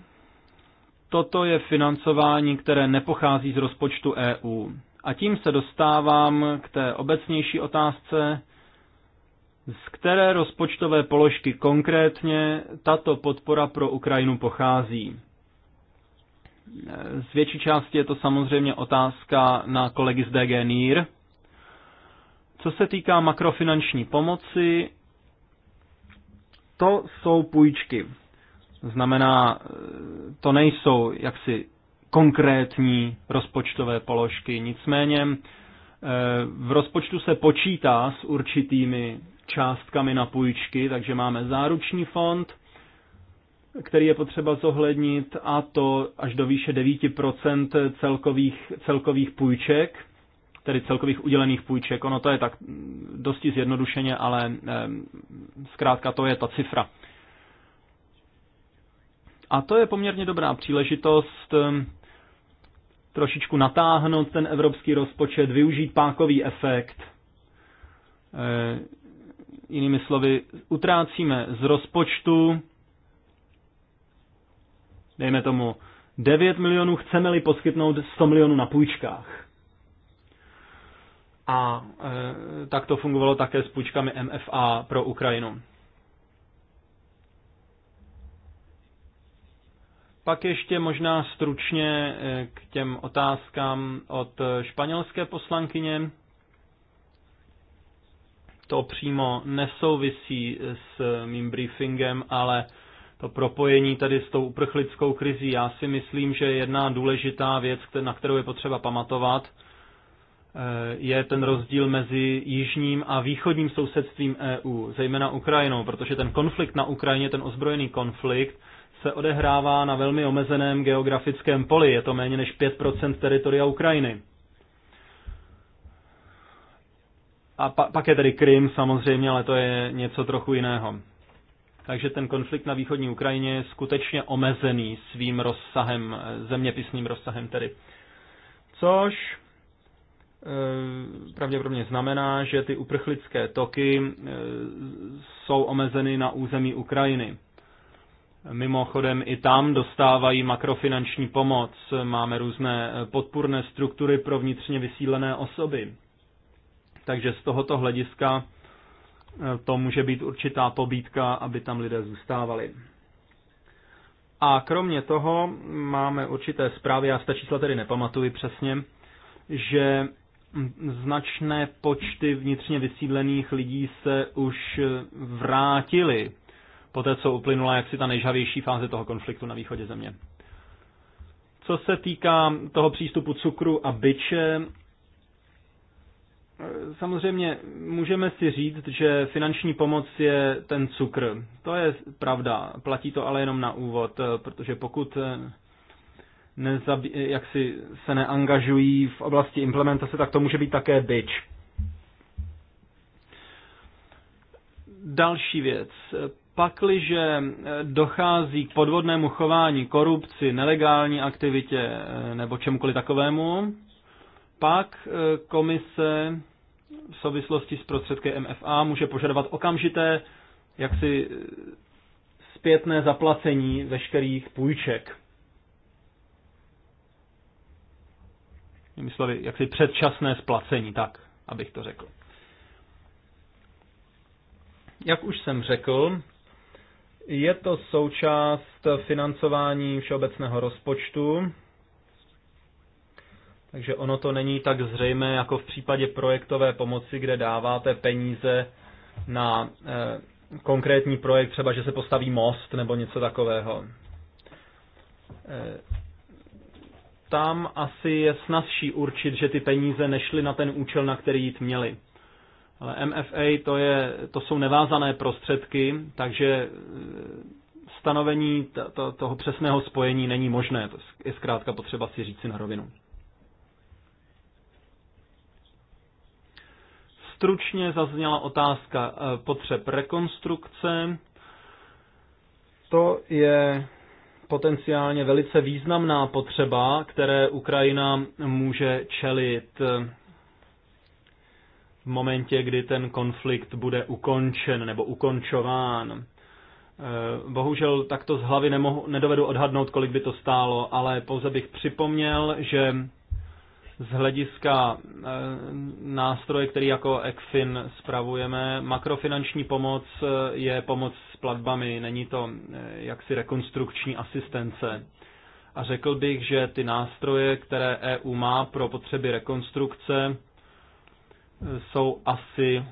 toto je financování, které nepochází z rozpočtu EU. A tím se dostávám k té obecnější otázce, z které rozpočtové položky konkrétně tato podpora pro Ukrajinu pochází. Z větší části je to samozřejmě otázka na kolegy z DG NIR, co se týká makrofinanční pomoci, to jsou půjčky. Znamená, eh, to nejsou jaksi konkrétní rozpočtové položky. Nicméně eh, v rozpočtu se počítá s určitými částkami na půjčky, takže máme záruční fond, který je potřeba zohlednit, a to až do výše 9 celkových, celkových půjček tedy celkových udělených půjček. Ono to je tak dosti zjednodušeně, ale eh, zkrátka to je ta cifra. A to je poměrně dobrá příležitost eh, trošičku natáhnout ten evropský rozpočet, využít pákový efekt. Eh, jinými slovy, utrácíme z rozpočtu, dejme tomu 9 milionů, chceme-li poskytnout 100 milionů na půjčkách. A e, tak to fungovalo také s půjčkami MFA pro Ukrajinu. Pak ještě možná stručně e, k těm otázkám od španělské poslankyně. To přímo nesouvisí s mým briefingem, ale to propojení tady s tou uprchlickou krizí. Já si myslím, že jedna důležitá věc, na kterou je potřeba pamatovat, Eh, je ten rozdíl mezi jižním a východním sousedstvím EU, zejména Ukrajinou, protože ten konflikt na Ukrajině, ten ozbrojený konflikt, se odehrává na velmi omezeném geografickém poli, je to méně než 5% teritoria Ukrajiny. A pa, pak je tedy Krym samozřejmě, ale to je něco trochu jiného. Takže ten konflikt na východní Ukrajině je skutečně omezený svým rozsahem, eh, zeměpisným rozsahem tedy. Což Eh, pravděpodobně znamená, že ty uprchlické toky eh, jsou omezeny na území Ukrajiny. Mimochodem i tam dostávají makrofinanční pomoc, máme různé eh, podpůrné struktury pro vnitřně vysílené osoby. Takže z tohoto hlediska to může být určitá pobídka, aby tam lidé zůstávali. A kromě toho máme určité zprávy, já z ta čísla tedy nepamatuji přesně, že značné počty vnitřně vysídlených lidí se už vrátili po té, co uplynula jaksi ta nejžavější fáze toho konfliktu na východě země. Co se týká toho přístupu cukru a byče, samozřejmě můžeme si říct, že finanční pomoc je ten cukr. To je pravda, platí to ale jenom na úvod, protože pokud nezabí, jak si se neangažují v oblasti implementace, tak to může být také byč. Další věc. Pakliže dochází k podvodnému chování, korupci, nelegální aktivitě eh, nebo čemukoliv takovému, pak eh, komise v souvislosti s prostředky MFA může požadovat okamžité jaksi eh, zpětné zaplacení veškerých půjček jinými slovy, jaksi předčasné splacení, tak, abych to řekl. Jak už jsem řekl, je to součást financování všeobecného rozpočtu, takže ono to není tak zřejmé jako v případě projektové pomoci, kde dáváte peníze na eh, konkrétní projekt, třeba že se postaví most nebo něco takového. Eh, tam asi je snazší určit, že ty peníze nešly na ten účel, na který jít měly. Ale MFA to, je, to jsou nevázané prostředky, takže e, stanovení toho přesného spojení není možné. To je zkrátka potřeba si si na rovinu. Stručně zazněla otázka e, potřeb rekonstrukce. To je potenciálně velice významná potřeba, které Ukrajina může čelit v momentě, kdy ten konflikt bude ukončen nebo ukončován. Eh, bohužel takto z hlavy nemohu, nedovedu odhadnout, kolik by to stálo, ale pouze bych připomněl, že z hlediska e, nástroje, který jako ECFIN spravujeme. Makrofinanční pomoc e, je pomoc s platbami, není to e, jaksi rekonstrukční asistence. A řekl bych, že ty nástroje, které EU má pro potřeby rekonstrukce, jsou asi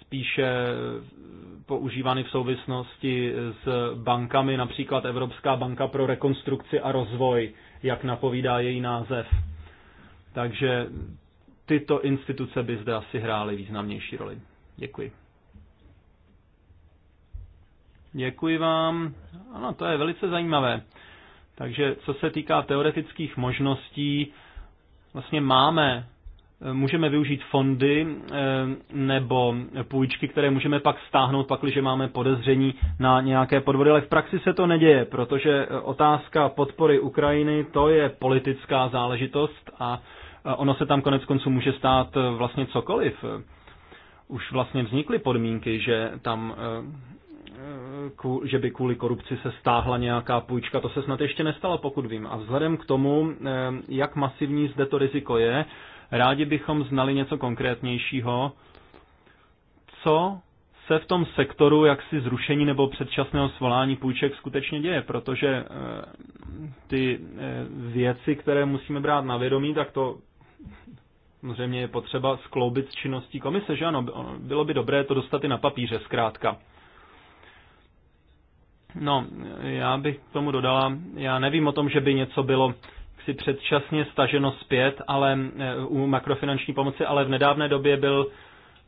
spíše používány v souvislosti s bankami, například Evropská banka pro rekonstrukci a rozvoj jak napovídá její název. Takže tyto instituce by zde asi hrály významnější roli. Děkuji. Děkuji vám. Ano, to je velice zajímavé. Takže co se týká teoretických možností, vlastně máme můžeme využít fondy eh, nebo půjčky, které můžeme pak stáhnout, pakliže máme podezření na nějaké podvody, ale v praxi se to neděje, protože eh, otázka podpory Ukrajiny to je politická záležitost a eh, ono se tam konec konců může stát vlastně cokoliv. Už vlastně vznikly podmínky, že tam že by kvůli korupci se stáhla nějaká půjčka. To se snad ještě nestalo, pokud vím. A vzhledem k tomu, jak masivní zde to riziko je, Rádi bychom znali něco konkrétnějšího, co se v tom sektoru jaksi zrušení nebo předčasného svolání půjček skutečně děje, protože eh, ty eh, věci, které musíme brát na vědomí, tak to samozřejmě je potřeba skloubit s činností komise, že ano, bylo by dobré to dostat i na papíře zkrátka. No, já bych k tomu dodala, já nevím o tom, že by něco bylo jaksi předčasně staženo zpět, ale eh, u makrofinanční pomoci, ale v nedávné době byl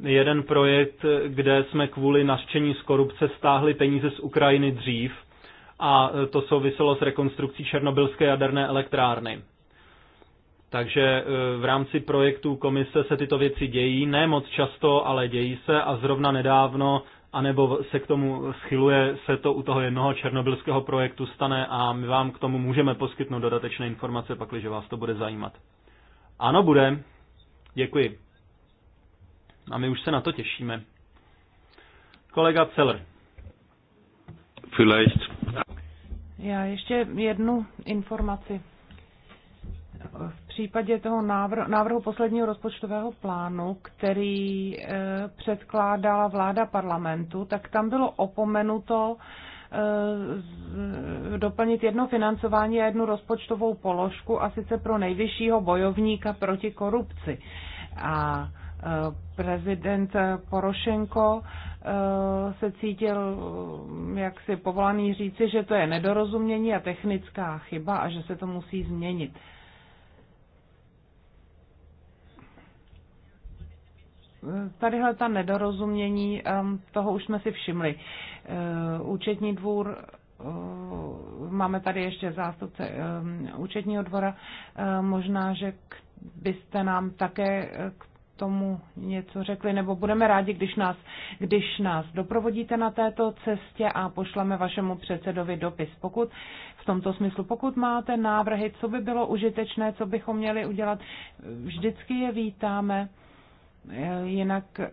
jeden projekt, kde jsme kvůli nařčení z korupce stáhli peníze z Ukrajiny dřív a eh, to souviselo s rekonstrukcí černobylské jaderné elektrárny. Takže eh, v rámci projektů komise se tyto věci dějí, ne moc často, ale dějí se a zrovna nedávno anebo se k tomu schyluje, se to u toho jednoho černobylského projektu stane a my vám k tomu můžeme poskytnout dodatečné informace, pakliže vás to bude zajímat. Ano, bude. Děkuji. A my už se na to těšíme. Kolega Celer. Vielleicht. Já ještě jednu informaci případě toho návrhu, návrhu posledního rozpočtového plánu, který e, předkládala vláda parlamentu, tak tam bylo opomenuto e, doplnit jedno financování a jednu rozpočtovou položku, a sice pro nejvyššího bojovníka proti korupci. A e, prezident Porošenko se cítil mm, jaksi povolaný říci, že to je nedorozumění a technická chyba a že se to musí změnit. tadyhle ta nedorozumění, toho už jsme si všimli. E, účetní dvůr e, máme tady ještě zástupce účetního dvora, e, možná, že byste nám také k tomu něco řekli, nebo budeme rádi, když nás, když nás doprovodíte na této cestě a pošleme vašemu předsedovi dopis. Pokud v tomto smyslu, pokud máte návrhy, co by bylo užitečné, co bychom měli udělat, vždycky je vítáme Jinak eh,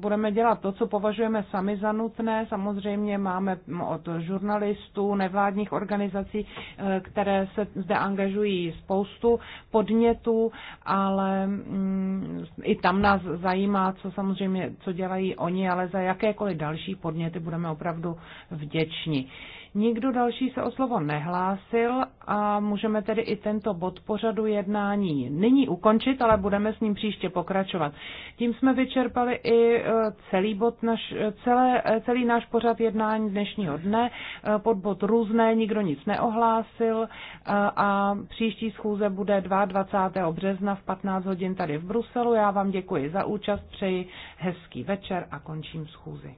budeme dělat to, co považujeme sami za nutné. Samozřejmě máme od žurnalistů, nevládních organizací, eh, které se zde angažují spoustu podnětů, ale mm, i tam nás zajímá, co samozřejmě, co dělají oni, ale za jakékoliv další podněty budeme opravdu vděční. Nikdo další se o slovo nehlásil a můžeme tedy i tento bod pořadu jednání nyní ukončit, ale budeme s ním příště pokračovat. Tím jsme vyčerpali i e, celý, bod naš, e, celé, e, celý náš pořad jednání dnešního dne. Pod bod různé nikdo nic neohlásil a příští schůze bude 22. března v 15 hodin tady v Bruselu. Já vám děkuji za účast, přeji hezký večer a končím schůzi.